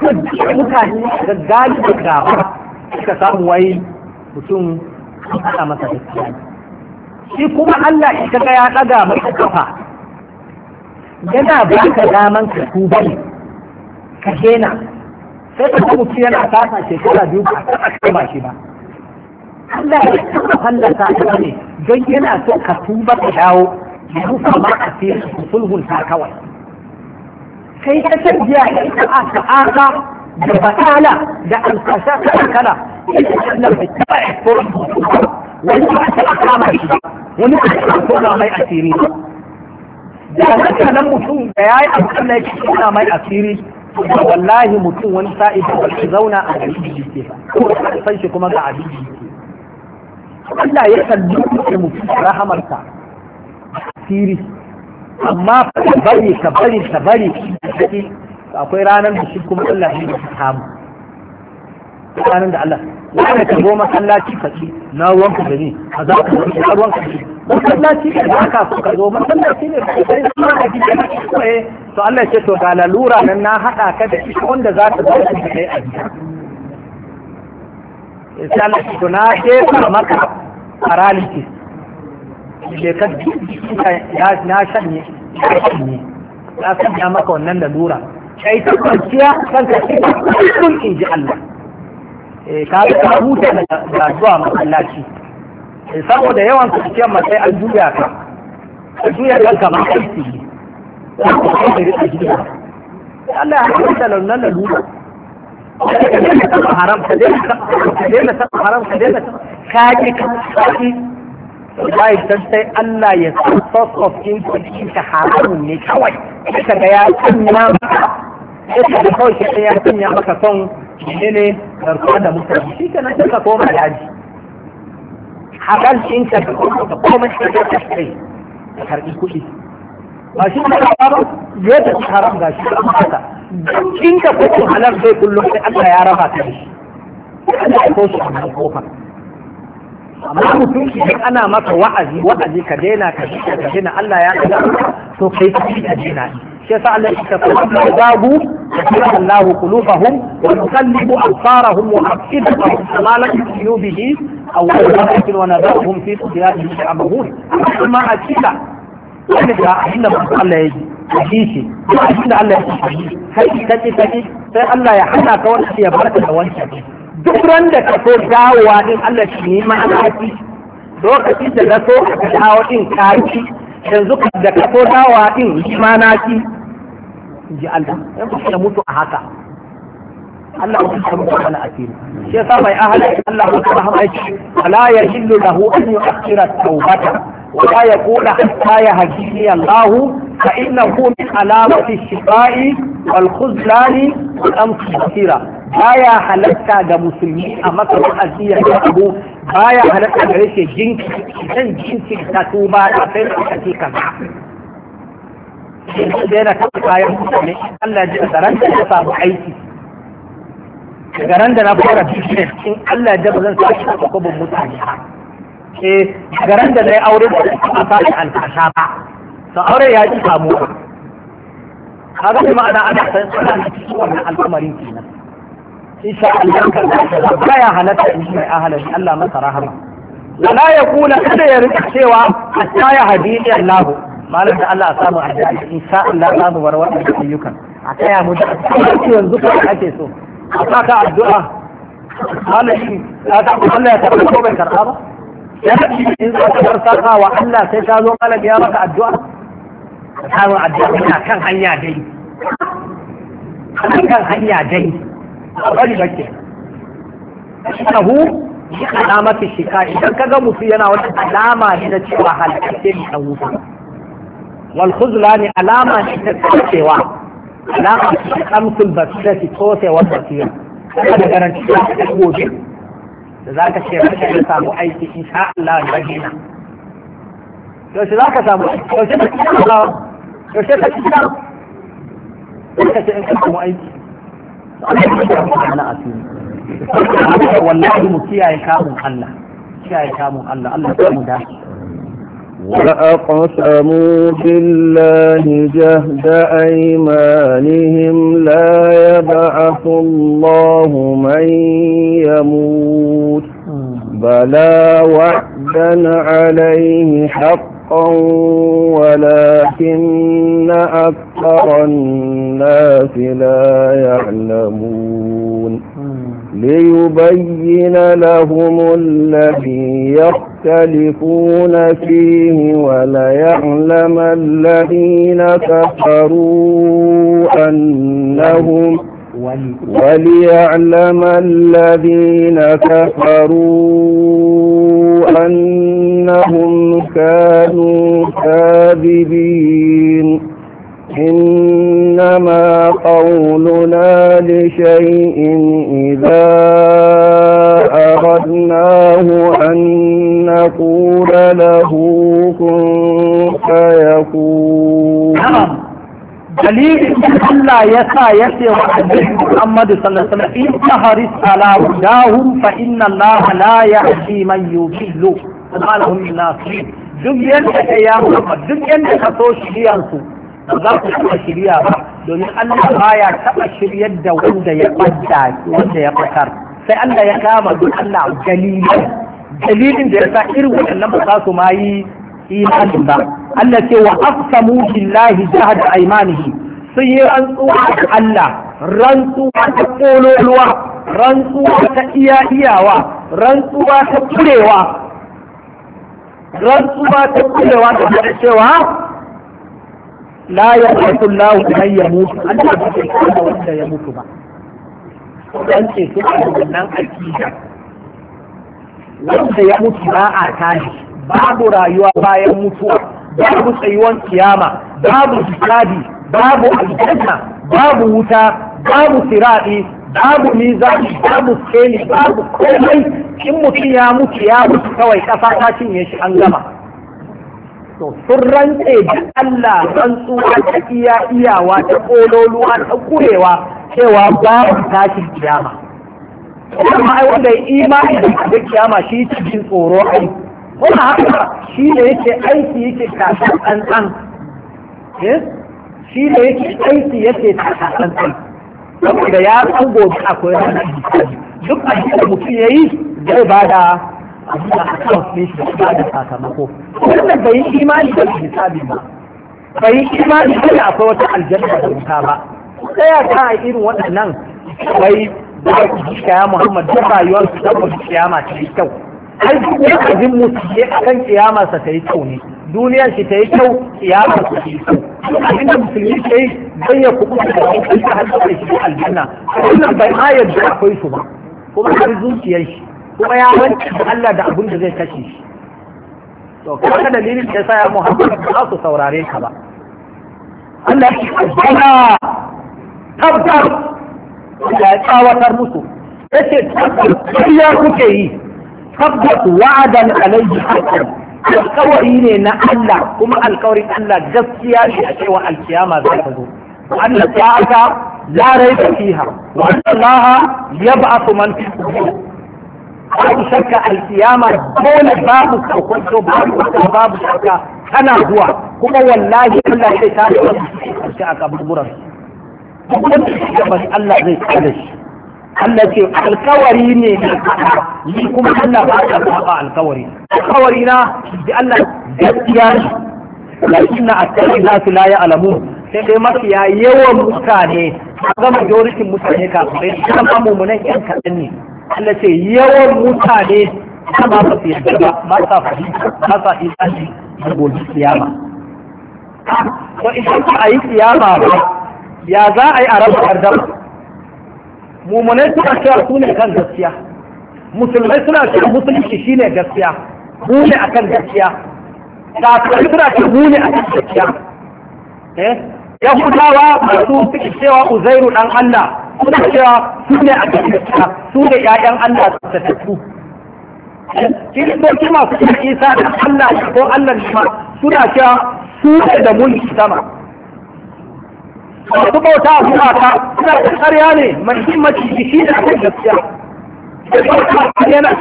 to mutane da gali da suka samu wai mutum ana masa gaskiya shi kuma Allah ya ga ya daga masa kafa yana ba ka daman ka tuba ka daina sai ka ga mutum yana kasa shekara biyu ba a kama shi ba Allah ya taɓa hallaka ta ne don yana so ka tuba ka dawo ya rufa ma a su sulhunta kawai kai ta tarbiya ya ita a ta'aka da batala da alkasha ta alkala ita wannan bai taɓa ya tsoron wani ba taɓa kama shi ba wani ba taɓa tsoron mai asiri ba da haka nan mutum da ya yi abu Allah ya ci mai asiri wallahi mutum wani ba su zauna a gari da ke ko a san shi kuma ga abin da ke Allah ya kalli da mutum rahamarsa siri amma ka bari ka bari ka bari akwai ranar da shi kuma Allah ya samu ranar da Allah da ka zo masallaci ka ci na ruwanka da ni a za ka zo a ruwanka da ni masallaci ka za ka so ka zo masallaci ne ka sai su ma ji da kai eh. to Allah ce to ga lalura nan na haɗa ka da shi wanda za ka zo da kai a gida eh, sai Allah to na shefa maka paralysis je ka na shanye na shanye na sanya maka wannan lalura kai ta kwanciya kan ka kanka cikin in ji Allah Eh, ka ga huta da zuwa masallaci eh, saboda yawan cikin masai an juya ka a juya ka kama aiki ne ku kai da rika juya Allah ya haɗu da launan lalura ka daina taɓa haram ka daina taɓa haram ka daina taɓa kaji ka kaji wallahi dan sai Allah ya sa source of income ka haramun ne kawai ka ga ya sanya maka sai ka kawai ka ya sanya maka son ne ne garkuwa da mutane shi ka nan ka koma daji hakan in ka ka koma shi ka kai ka karbi kuɗi ba shi ne ba ba ya ta haram ga shi an ka in ka kuɗin halar zai kullum sai Allah ya raba ka shi Allah ya koshi a kofa amma mutum idan ana maka wa'azi wa'azi ka daina ka daina Allah ya kaga to kai ka daina shi yasa Allah ya tafi babu kira Allah qulubahum wa yuqallibu absarahum wa afidahum kama lam yu'minu bihi aw yaqulu wa nadahum fi siyadihim ya'mahun amma akida wanda ga abinda Allah ya yi hadisi da abinda Allah ya yi kai kace kace sai Allah ya hana ka wannan ya barka da wancan duk ran da ka so dawowa din Allah shi ne ma an haƙi lokacin da ka so ka dawo din ka yanzu da ka so dawa din ma na ki in ji Allah ya ku ya mutu a haka Allah ya kusa mutu ala asiri shi yasa mai ahala Allah ya kusa hama yake ala ya hillu lahu an yu'akhira tawbata wa la yaqulu hatta yahdi Allah fa innahu min alamati shifa'i wal khuzlani wal amsi basira baya halatta da musulmi a maka wa'azi ya ga abu baya halatta ga rashin jinki idan jinki ta tuba da sai da aka ce kaza yanzu da yana kafa kayan mutane Allah ji da ran da ya samu aiki Garan da na fara business in Allah da zan sake kafa kubun mutane eh garan da na yi aure da ba sa alfasha ba to aure ya ci samu kaga ma'ana ana san sanin cikin wannan al'amarin kenan insha Allah ka ba ya halatta in mai ahalari Allah masa rahama wala ya kula kada ya rika cewa hatta ya hadini Allah malam da Allah a samu aljanna insha Allah za mu bar wannan ayyukan a taya mu da yanzu ko ake so a saka addu'a malami Allah ya tabbata ko bai karɓa ba ya tafi in za ka bar saka wa Allah sai ka zo malam ya maka addu'a samu addu'a ina kan hanya dai kan hanya dai غلبت إنه yi alamati shika idan kaga mutu yana wata alama ne na cewa halakace ne dan wuta wal khuzlani alama ne ta cewa alama ta kamsul basira ta tote wa basira kada da garanti ta gobe da zaka ce ka da samu aiki insha Allah da gina to sai zaka samu to sai ka ci Allah to sai ka ci Allah ka ce in ka samu aiki ana asiri wallahi mu kiyaye kamun Allah kiyaye kamun Allah Allah ya mu dace وأقسموا بالله جهد أيمانهم لا يبعث الله من يموت بلى وعدا عليه حق ولكن أكثر الناس لا يعلمون ليبين لهم الذي يختلفون فيه وليعلم الذين كفروا أنهم وليعلم الذين كفروا أنهم كانوا كاذبين إنما قولنا لشيء إذا أردناه أن نقول له كن فيكون dalilin Allah ya sa ya ce wa annabi Muhammad sallallahu alaihi wasallam in tahris ala hudahum fa inna Allah la yahdi man yudillu wa lahum min nasir duk yanda ka ya Muhammad duk yanda ka so shiriyan su za ku taɓa shiriya ba domin Allah baya taɓa shiryar da wanda ya ɓadda wanda ya ɓatar sai Allah ya kama duk Allah dalilin dalilin da ya sa irin waɗannan ba za su ma yi imanin ba Allah ce wa aqsamu billahi jahada aymanihi sun yi rantsuwa da Allah rantsuwa ta kololuwa rantsuwa ta iya iyawa rantsuwa ta kurewa rantsuwa ta kurewa da ta cewa la yaqtu Allah ya mutu Allah ba zai kada wanda ya mutu ba dan ce su wannan akida wanda ya mutu ba a tashi babu rayuwa bayan mutuwa babu tsayuwan kiyama babu hisabi babu aljanna babu wuta babu siradi babu mizani babu keli babu komai in mutum ya mutu ya mutu kawai kasa ta cinye shi an gama to sun rantse da Allah rantsuwa ta iya iyawa ta kololuwa ta kurewa cewa babu tashin kiyama kuma ai wanda ya imani da kiyama shi cikin tsoro ai kuma haka shi da yake aiki yake kasa tsantsan eh? shi da yake aiki yake kasa tsantsan saboda ya san gobe akwai ranar hisabi duk abin da mutum ya yi zai ba da abin da aka wasu shi ba da sakamako wannan bai yi imani da hisabi ba bai yi imani da akwai wata aljanna da wuta ba tsaya ta irin waɗannan bai da kiyama Muhammad da rayuwar su da kiyama ta kyau har duk abin mutum ya akan kiyamarsa ta yi kyau ne duniyar shi ta yi kyau kiyamar ta yi kyau abin da musulmi ta yi don ya kuɓu da ɗaukar ta har da shi aljanna wannan bai ma yadda akwai su ba kuma har zuciyar shi kuma ya wanke da Allah da abin da zai kashe shi to kuma dalilin da yasa ya Muhammad ba su saurare ka ba Allah ya kaddara tabbar ya tsawatar musu yace tabbar ya kuke yi tabbas wa'adan alaihi haqqan alƙawari ne na Allah kuma alƙawarin Allah gaskiya ne a cewa alkiyama zai ta zo Allah ya aka la raiba fiha wa Allah yab'athu man fi babu shakka alkiyama dole babu kokonto babu babu shakka tana zuwa kuma wallahi Allah sai ta yi a kaburburan. Kuma Allah zai kare shi. Allah ce alkawari ne da ni kuma Allah ba ta saba alkawari alkawari na da Allah gaskiya ne lakin na akai nasu la ya alamu sai dai mafiya yawan mutane a ga majoritin mutane kafirai kan mamunan yan kaɗan ne Allah ce yawan mutane kama ba su yarda ba ba sa fahimta ba sa imani da gobe kiyama to idan ba a yi kiyama ba ya za a yi a raba mumunai suna cewa su ne kan gaskiya musulmai suna cewa musulunci shine gaskiya mu ne akan gaskiya kafirai suna cewa mu ne akan gaskiya eh? yahudawa masu suke cewa uzairu dan Allah suna cewa su ne akan gaskiya su ne ƴaƴan Allah ta tattu eh? kiristoci masu isa da Allah ko Allah ne ma suna cewa su ne da mulki sama masu bauta a zuwata suna da karya ne mahimmanci jiki da akan gaskiya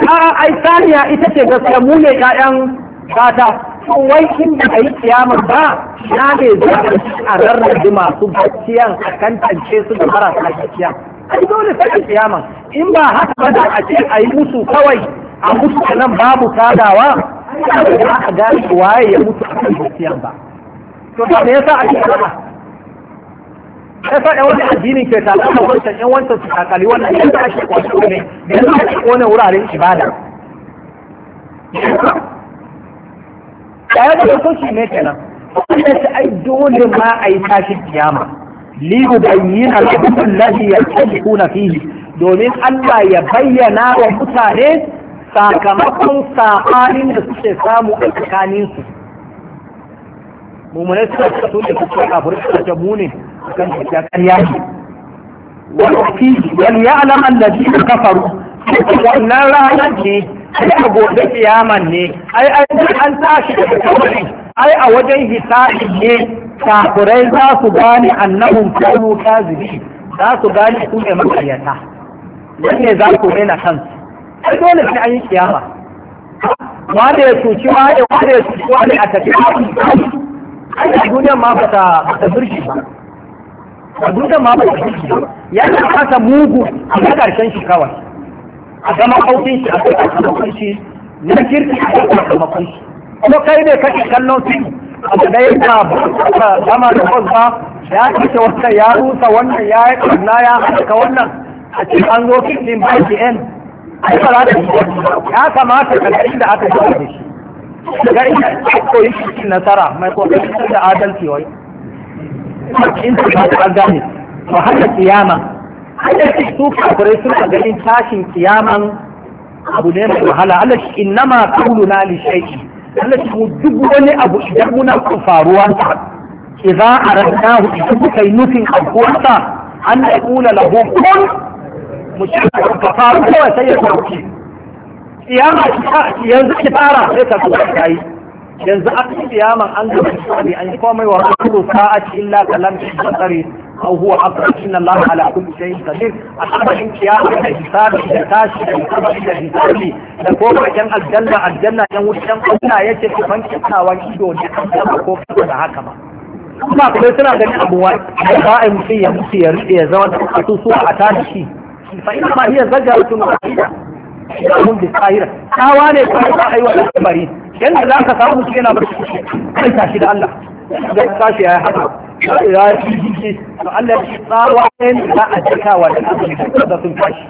a ai saniya ita ce gaskiya mu ne ƴaƴan fata wai in da yi kiyamar ba na ne zai a rarrabe masu gaskiyan a tantance su da marasa gaskiya ai dole sai kiyama in ba haka ba da a ayi yi musu kawai a mutu nan babu sadawa ba a gane waye ya mutu a kan gaskiyan ba to da me yasa ake kama Ka sa yan wani addinin ke ta kama wancan yan wancan su kakali wannan yan da ake kwaso ne da yanzu ake kone wuraren ibada ɗaya da soci ne kenan wanda ta ai dole ma a yi tashin kiyama liyu bayyana lafiyan lafi ya tsaji kuna fiye domin Allah ya bayyana wa mutane sakamakon sa'anin da suke samu a tsakaninsu. Mummunai suka suka tuni kuka kafin suka jamu ne kan gaskiya ƙarya ne wal ya'lam alladhina kafaru wannan ranar ki? ai a gobe kiyaman ne ai ai an tashi da kawai ai a wajen hisabi ne kafirai za su gane annahum kanu kazibi za su gane su ne makaryata wanne za su raina kansu ai dole sai an yi kiyama wanda ya cuci wanda ya cuci wanda a tafi ai a duniyar ma ba ta birki ba a dutsen ma ba ta shi ba yana kasa mugu a ga karshen shi kawai a zama aukin shi a ga karshen shi na kirki a ga karshen shi ko kai ne kake kallon fim abu da ya ba zama da kwas ba ya kashe wannan ya rusa wannan ya yi kanna ya haka wannan a cikin an zo ba baki en a yi fara da ya kamata ka garin da aka yi da shi gari da aka yi nasara mai kokarin da adalci wai in su ba ta gane to haka kiyama haka ce su kafirai suna ganin tashin kiyaman abu ne mai wahala Allah shi innama kauluna li shay'i Allah shi mu duk wani abu idan muna ku faruwa idza aradnahu idan muka yi nufin abuwarsa an da kula lahu kun mu ci ka faru kawai sai ya sauki kiyama yanzu ki fara sai ka zo ka yanzu aka kiyaman an gaba shi an komai wa rasulu sa'ati illa kalam shi tsare aw huwa aqra inna allaha ala kulli shay'in qadir akaba in kiyama da hisabi da tashi da hisabi da hisabi da ko kan aljanna aljanna yan wutan Allah yace ki fanki kawan ido ne kan ko da haka ba kuma kuma suna ganin abuwa da ba'a mutum ya mutu ya rike ya zama da Su a tashi fa ina ma hiya zajaratun wahida Mun bi sahira kawa ne kai ba ai wa bari yanda da aka samu mutum yana barci kai tashi da Allah da ka tashi ya haka ya yi jiki to Allah ya tsawa ɗayan za a cikawa da abin da sun tashi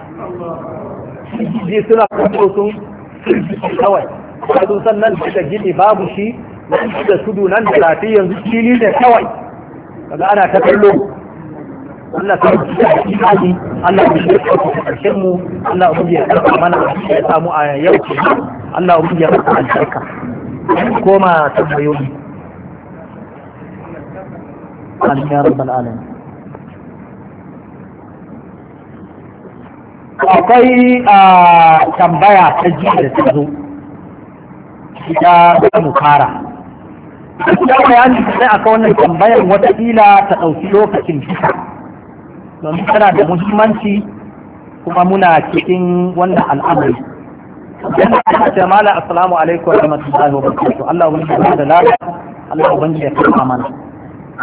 jiki suna kanto sun kawai kadu sannan da gini babu shi da tudu nan da rafi yanzu fili ne kawai kaga ana ta kallo Allah ka yi da Allah ya yi da mu Allah ya samu a yau ke Allah ya koma amin ya akwai tambaya ta ji da ta zo ya fara bayani sai wannan tambayar wataƙila ta ɗauki lokacin jika domin tana da muhimmanci kuma muna cikin wannan al'amari yana da mala assalamu alaikum wa rahmatullahi wa barakatuh Allah wani da da lafiya Allah wani ya kama mana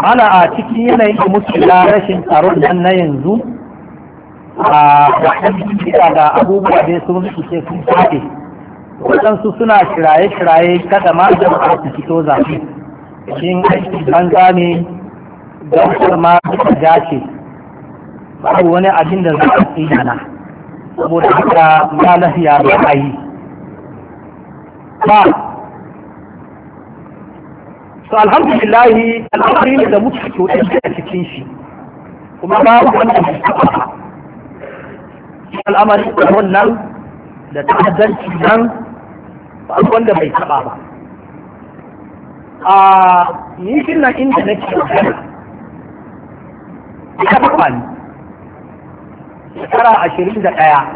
mala a cikin yanayin da muke da rashin tsaron nan na yanzu a da da abubuwa da sun rikice sun fade waɗansu suna shiraye-shiraye kada ma da su fito zafi shin aiki banza ne da ma duka dace babu wani abin da za a tsinana saboda haka ya lafiya da ayi ba su alhamdulillahi al'amari ne da muke shi a cikin shi kuma babu wanda mu taɓa al'amari da wannan da ta'addanci nan ba wanda bai taba ba a yi nan inda nake ya taɓa ne shekara ashirin da ɗaya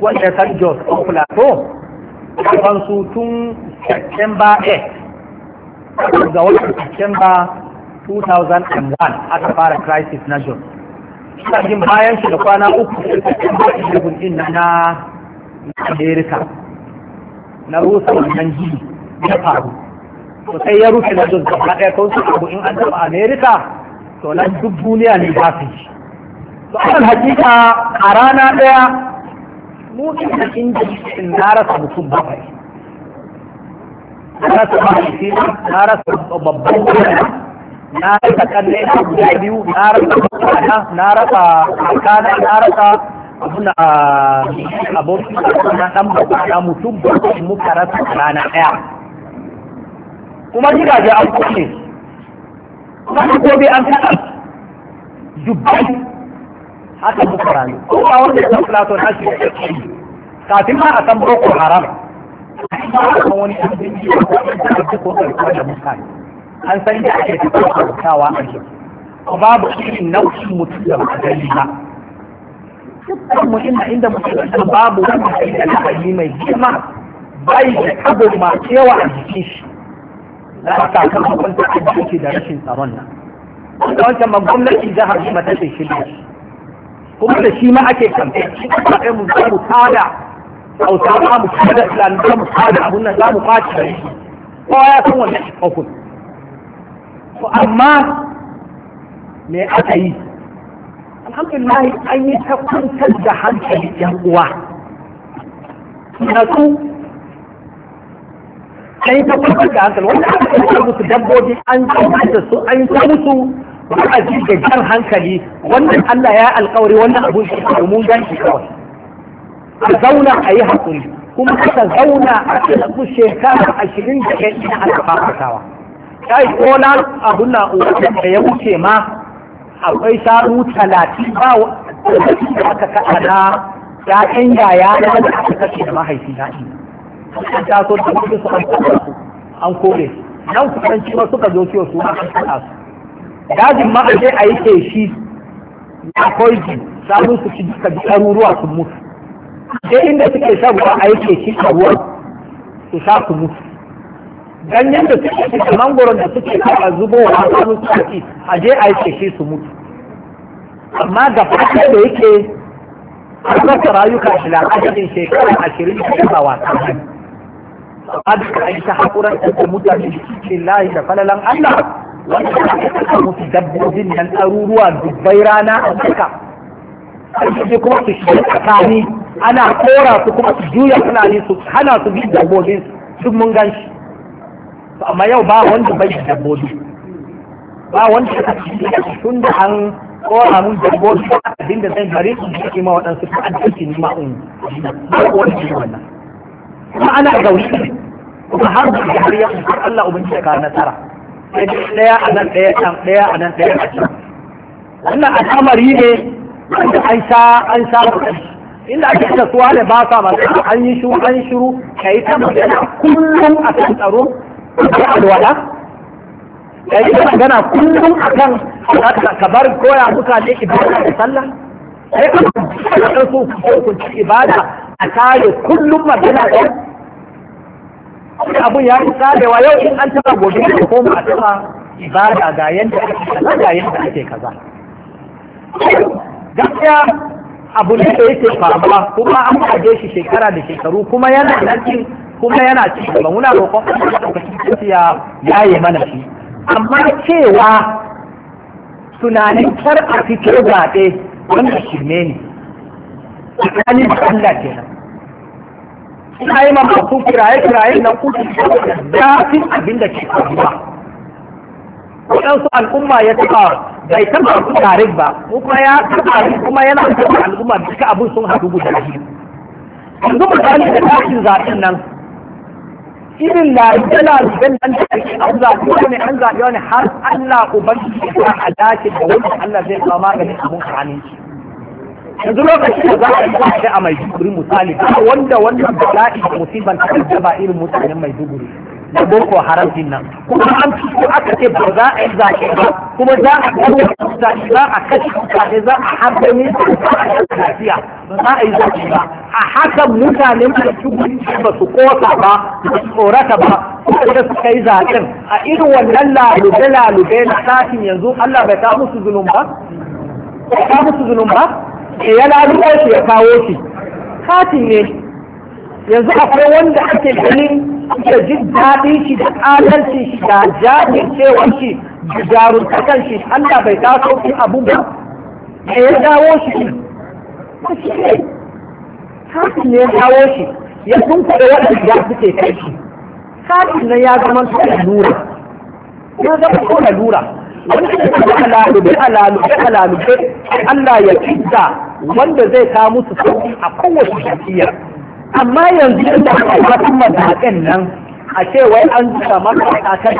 wanda san jos on plato kafan su tun september 8 ga watan september 2001 aka fara crisis na jos ina jin bayan shi da kwana uku september 11 din na america na rusa wannan jini ya faru to sai ya rufe na jos gaba ɗaya kawai su abu in an taɓa america to nan duk duniya ne ba su yi ba'al hakika a rana ɗaya mu ina inda cikin na rasa mutum bakwai na rasa mahaifina na rasa babban gida na rasa kanne na guda biyu na rasa mutana na rasa kakana na rasa abuna ah, abokin na ɗan babana mutum bakwai muka rasa rana ɗaya kuma gidaje an kulle kuma dabbobi an kaɗa dubbai haka bukara ne ko ba wanda ya san platon hashi da ya kafin ma a san boko haram kan wani an bin ji ko an ko karkuwa da mutane an san da ake ta karkutawa a shi babu irin nau'in mutum da ba gani ba dukkan mu ina inda mutum babu wanda ya yi alhali mai girma bai da kabo ma cewa a jikin shi da aka kan kwanta a jikin da rashin tsaron nan. Da wancan ma gwamnati jihar kuma ta ce shi da shi. kuma da shi ma ake kamfe sai mu za mu tada hausa za mu tada islamu za mu tada abun nan za mu kwaci da shi kowa ya san wannan hukun to amma me aka yi alhamdulillah an yi ta kwantar da hankali yan uwa su an yi ta kwantar da hankali wanda aka yi musu dabbobi an kwantar da su an yi ta musu wa'azi da jan hankali wannan Allah ya alkawari wannan abun shi domin gan shi kawai a zauna a yi haƙuri, kuma aka zauna a cikin shekara ashirin da ya ina aka fafatawa kai ko na abun na da ya wuce ma akwai shanu talatin ba da aka kaɗa na ya'yan yaya na da aka kashe da mahaifi na an ta so da mutu su an kore nan kusanci wasu ka zo ciwo su ma an kaɗa su dajin ma aje a yi feshi na kogi samun su suka ji ɗaruruwa sun mutu sai inda suke shan ruwa a yi feshi a ruwan su sha su mutu ganyen da suke da mangoron da suke a zubo a sabon suka ci je a yi feshi su mutu amma da fata da yake an rasa rayuka shi la'akadin shekara ashirin da ba sabbin. a da aisha ta haƙuran da mutane da cikin layi da falalan Allah wanda aka saka musu dabbobin nan ɗaruruwa dubbai rana a saka sai kuma su shiga tsakani ana kora su kuma su juya tunani su hana su bi dabbobin duk mun gan shi amma yau ba wanda bai da dabbobi ba wanda ya kasance tun da an kora mun dabbobi abin da zan gare su da kima waɗansu ta addinci ni ma un ba wani wannan kuma ana gauri kuma har da har ya Allah ubangiji ka nasara sai ɗaya a nan ɗaya can ɗaya a nan ɗaya a can wannan al'amari ne wanda an sha an sha inda ake suwa da ba sa masu an yi shuru an shuru ka yi ta magana kullum a kan tsaro da alwala ka yi ta magana kullum a kan ka bar koya mutane ibada da sallah sai ka ɗauko ibada a tare kullum magana ɗaya abun ya fi tsadewa yau in an taba gobe da koma a ba ibada ga yanda ake kaza ga yanda ake kaza gaskiya abu ne da yake faruwa kuma an kaje shi shekara da shekaru kuma yana nan kuma yana ci ba muna roƙon ya yaye mana shi amma cewa tunanin kar a fito zaɓe wanda shirme ne tsakanin Allah kenan ina yi sun kiraye-kiraye nan kuke fi abin da ke faruwa waɗansu al'umma ya taɓa bai taɓa su tare ba kuma ya taɓa kuma yana taɓa al'umma duka abin sun haɗu guda biyu yanzu misali da tashin zaɓen nan irin larjala zaɓen nan da ake an zaɓi wani an zaɓi wani har Allah ubangiji ya a dace da wani Allah zai kawo maganin abin hannun shi yanzu lokacin da za a yi ba a mai duguri misali ba wanda wannan bala'i da musiban ta kaddaba irin mutanen mai da boko haram din nan kuma an fito aka ce ba za a yi zaɓe ba kuma za a karwa mutane za a kashe mutane za a harbe ne za a ba za a yi zaɓe ba a haka mutanen mai ba su kosa ba su tsorata ba da suka yi zaɓen a irin wannan lalube-lalube na sashin yanzu Allah bai ta musu zulum ba? Bai ta musu zulum ba? Eh, ya lalubar shi ya kawo shi katin ne yanzu akwai wanda ake ganin da jin daɗi shi da adalci shi da cewar shi da jarumtakan shi Allah bai taso shi abu ba da ya dawo shi ba shi ne katin ne ya dawo shi ya kuɗa waɗanda ya suke kai shi katin nan ya zama ta lura ya zama ko lura wani alalube Allah ya fidda wanda zai ta musu sauki a kowace shafiya amma yanzu inda aka fatan matakan nan a ce wai an zuka maka a kan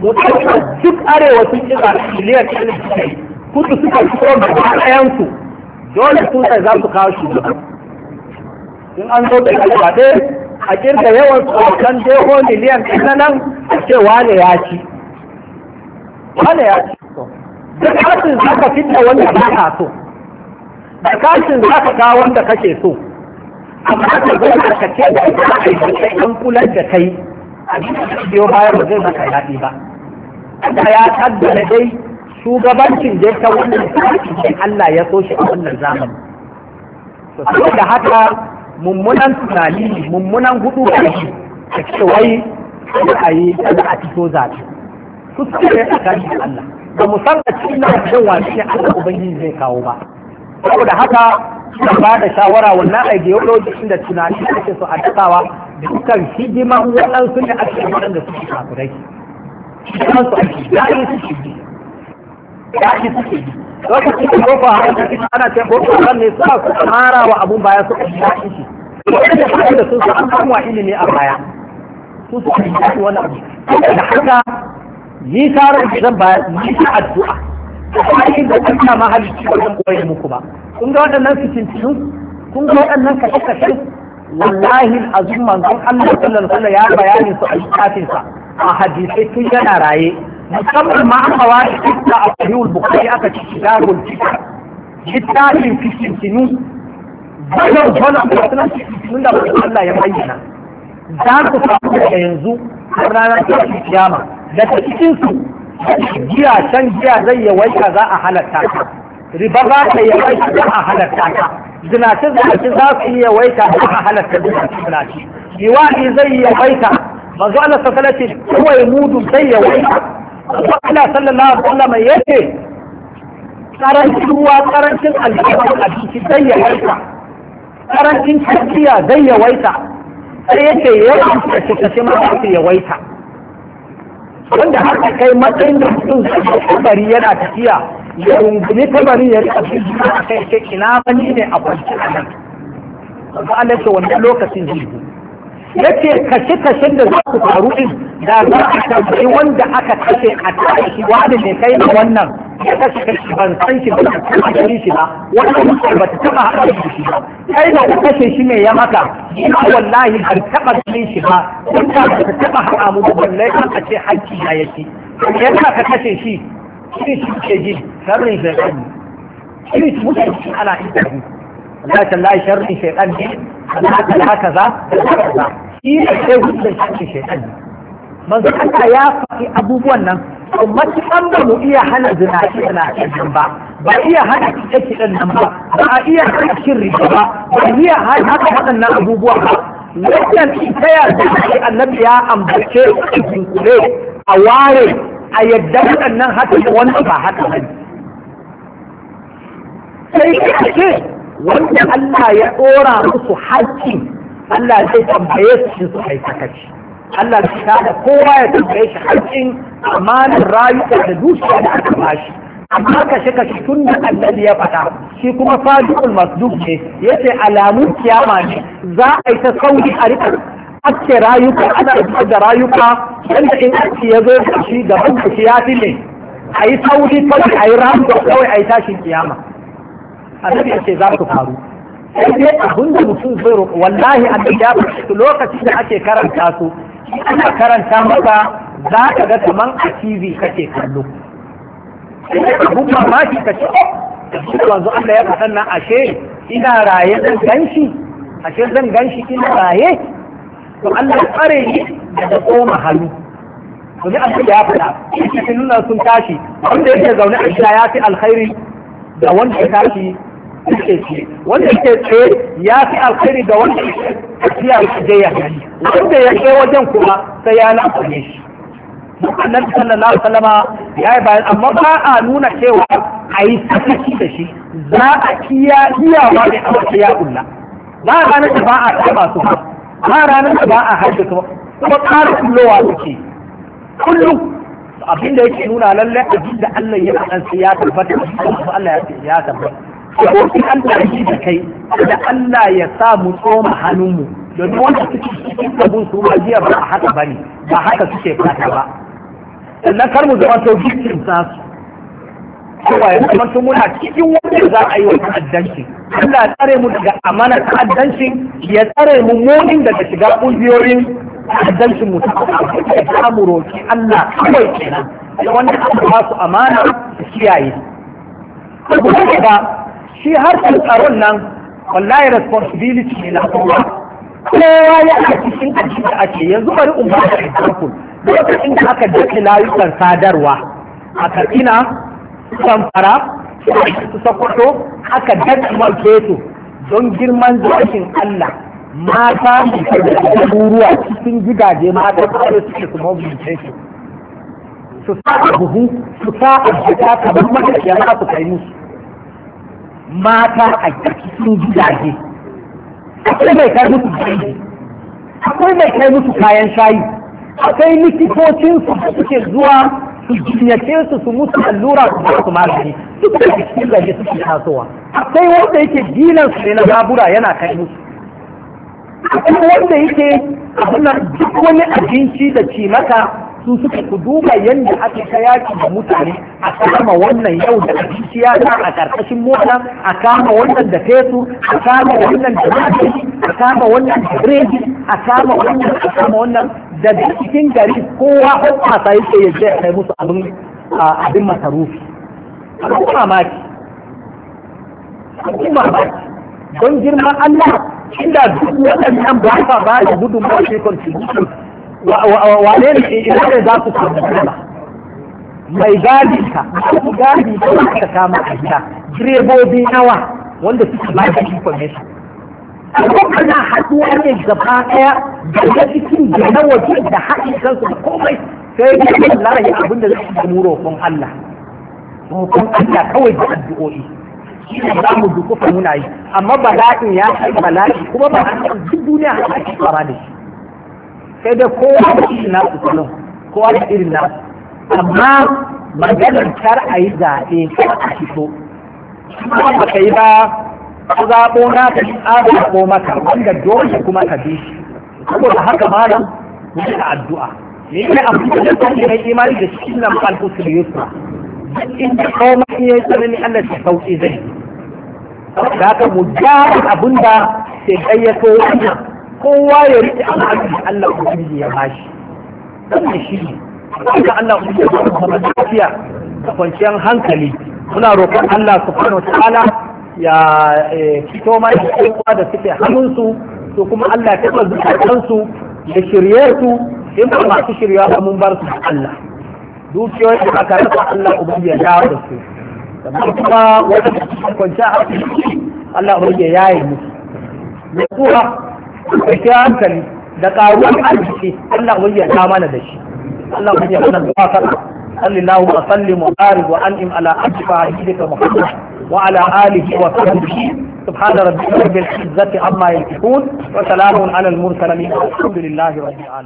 mutum duk arewa sun ci ba miliyan ɗin suka yi kudu suka fito da ɗayansu dole sun sai za su kawo shugaba in an zo da kalma a ƙirga yawan tsoron jeho miliyan ɗin nan a ce wane ya ci wane ya ci so da kashin za ka fitna wanda ba ka so da kashin za ka kawo wanda kake so amma ka zo ka kace da ita a yi an kula da kai a cikin biyo bayan ba zai maka yaɗi ba da ya kaddara dai shugabancin da ta wannan sarki Allah ya so shi a wannan zamani to da haka mummunan tunani mummunan gudu da shi wai kada a yi a fito zaɓe kuskure ya tsakani da Allah ba mu san a cikin lafiyar wani ne Allah ubangiji zai kawo ba saboda haka suka ba da shawara wannan ideology da tunani ake so a dakawa, dasawa dukkan hidiman waɗansu ne ake waɗanda suke kafirai hidiman su ake yayi suke bi yayi suke bi lokacin da boko haram da kisa ana ce boko haram ne suna su mara wa abun baya su ake yayi shi wanda suke da sun san an samu ilimi a baya su suke yayi wannan abu da haka ni tarar da zan bayar ni ta addu'a aikin da an kama halittu wajen koyar muku ba kun ga waɗannan fitintinu kun ga waɗannan kashe-kashe wallahi azum manzon Allah sallallahu alaihi ya bayani su a littafinsa a hadisai tun yana raye musamman ma aka hawa da a sahihul bukhari aka ci shigarul fikr littafin fitintinu bayan wannan fitinan suna da Allah ya bayyana za ku samu da yanzu ranar kiyama daga cikinsu giya can giya zai yawaita za a halatta ta riba za ta yawaita za a halatta ta zinaci zinaci za su yi yawaita za a halatta zinaci zinaci liwaɗi zai yawaita manzo Allah sa salati kawai mudu zai yawaita manzo Allah sallallahu alaihi ya ce. karancin ruwa karancin alƙawarin abinci zai yawaita karancin tafiya zai yawaita sai ce yawan kashe kashe ma su yawaita wanda har a kai matsayin da mutum zai kabari yana tafiya ya rungumi kabari ya rika fi a kai sai ina wani ne a kwanci a nan ba Allah ce wannan lokacin zai ce kashe kashen da za ku faru din da za a tambayi wanda aka kashe a tashi wani ne kai na wannan ya kashe kashi ban san shi ba ta kashe shi ba wannan mutum ba ta taba haɗa shi shi ba kai da ka kashe shi ne ya maka ina wallahi ban taba ganin shi ba wanda ba ta taba haɗa mu da wallahi an ka ce hakki ya yake yadda ka kashe shi shi shi ke ji sharrin shaitan shi shi muke shi ana ita ne Allah ta Allah sharrin shaitan ne Allah ta Allah kaza kaza shi ne sai hujjar sharrin shaitan ne manzo Allah ya faɗi abubuwan nan to matuƙan ba mu iya hana zinaci na kiɗan ba ba iya hana kiɗe kiɗan nan ba ba a iya hana cin riga ba ba iya hana waɗannan abubuwa ba wannan ita ya zai annabi ya ambace kunkule a ware a yadda waɗannan haka wanda ba haka ba sai ka ce wanda Allah ya ɗora musu haƙƙi Allah zai tambaye su su aikata Allah shi ta da kowa ya tambaye shi haƙƙin amanar rayuka da dukiya da aka bashi amma kashe kashe tun da Allah ya faɗa shi kuma fadiul masduk ne ce alamun kiyama ne za a yi ta sauri a rika ake rayuka ana fitar da rayuka yadda in ake ya zo da shi da shi ya fi ne a yi sauri kawai a yi ramuka kawai a yi tashin kiyama annabi ya ce za su faru sai dai abin da mutum zai roƙo wallahi annabi ya faɗi lokacin da ake karanta su ana karanta maka za ka ga kaman a TV kake kallo sai abun mamaki ka ce wanzu oh, Allah ya faɗa nan ashe ina raye zan ganshi ashe zan ganshi ina raye to Allah tsare ni da koma hannu to ne Allah ya fada cikin nuna sun tashi wanda yake zaune a gida ya fi alkhairi da wanda ya tashi yake ce wanda yake tsaye ya fi alkhairi da wanda yake tafiya shi dai ya gani wanda ya kai wajen kuma sai ya lafiye shi annabi sallallahu alaihi wasallama ya yi bayan amma ba a nuna cewa a yi sakaci da shi za a kiya iyawa mai a wata ya kulla ba a ranar da ba a taɓa su ba ba ranar da ba a haɗe su ba kuma ƙara kullowa ke kullum abin abinda yake nuna lallai da Allah ya ɗan sai ya tabbata Allah ya tabbata abokin Allah yi da kai da Allah ya sa mu tsoma hannunmu domin wanda suke cikin abun su ba jiya ba haka bane ba haka suke fata ba sannan kar mu zama to victim sa su cewa ya zama to muna cikin wanda za a yi wa ta'addanci Allah ya tsare mu daga amana ta'addanci ya tsare mu munin daga shiga ƙungiyoyin ta'addancin mu ta samu roƙi Allah kawai kenan wanda aka ba su amana su kiyaye. Ku ba shi harkar tsaron nan wallahi responsibility ne na kowa kowa ya a cikin ajiyar ake yanzu bari in ba da example lokacin da aka dace layukan sadarwa a katsina samfara su sokoto aka dace malketo don girman zafin allah mata da ruruwa cikin gidaje mata da suke su mobilization su sa a buhu su sa a jika kamar su kai musu mata a cikin gidaje akwai mai kai musu gidaje akwai mai kai musu kayan shayi akwai likitocin su suke zuwa su jinyace su su musu allura su ba su magani duk da cikin gaje suke tasowa akwai wanda yake dinan su ne na zabura yana kai musu akwai wanda yake abin duk wani abinci da cimaka su suka ku duba yadda aka ta yaki da mutane a kama wannan yau da abinciya na a karkashin mota a kama wannan da fesu a kama wannan da mafi a kama wannan da regi a kama wannan a kama wannan daga cikin gari kowa hukuma sa yake ya je kai musu abin abin masarufi abin mamaki abin mamaki don girman Allah inda duk waɗannan ba sa ba da gudunmawa shi contribution wane ne ina ne za su samu ba. mai gadi ka gadi ka ka kama a gida direbobi nawa wanda suka ba da information ko kana haduwa ne gaba daya daga cikin da na waje da haɗin kansu da komai sai ya wallahi abin da zai samu roƙon Allah roƙon Allah kawai da addu'o'i shi ne za mu dukufa muna yi amma bala'in ya kai bala'i kuma ba a duk duniya a cikin fara da shi sai dai kowa da irin nasu salon kowa da irin nasu amma maganar kar a yi zaɓe kar a fito kuma ba ka yi ba ka zaɓo na ka yi ko maka wanda dole kuma ka bi shi saboda haka malam yi addu'a ne kai abu da kake mai imani da shi nan al-usul yusra in da koma in yayi tsanani Allah ya sauki zai da haka mu gyara sai wannan kowa ya riƙe al'adu da Allah ubangiji ya bashi wannan shi ne haka Allah ubangiji ya bashi da lafiya da kwanciyar hankali muna roƙon Allah subhanahu ta'ala ya eh, fito ma da da suke hannunsu to kuma Allah ya taɓa zukatansu ya shirye su in ba masu shirya ba mun bar su da Allah dukiyoyin da aka rasa Allah ubangiji ya dawo da su da kuma wata kwanciyar hankali Allah ubangiji ya yi musu. Mai kwanciyar hankali da karuwar arziki Allah wani ya ta mana da shi Allah wani ya mana zuwa sallah sallallahu wa salli wa barik wa an'im ala abdika habibika muhammad wa ala alihi wa sahbihi سبحان ربك رب العزة عما يصفون وسلام على المرسلين والحمد لله رب العالمين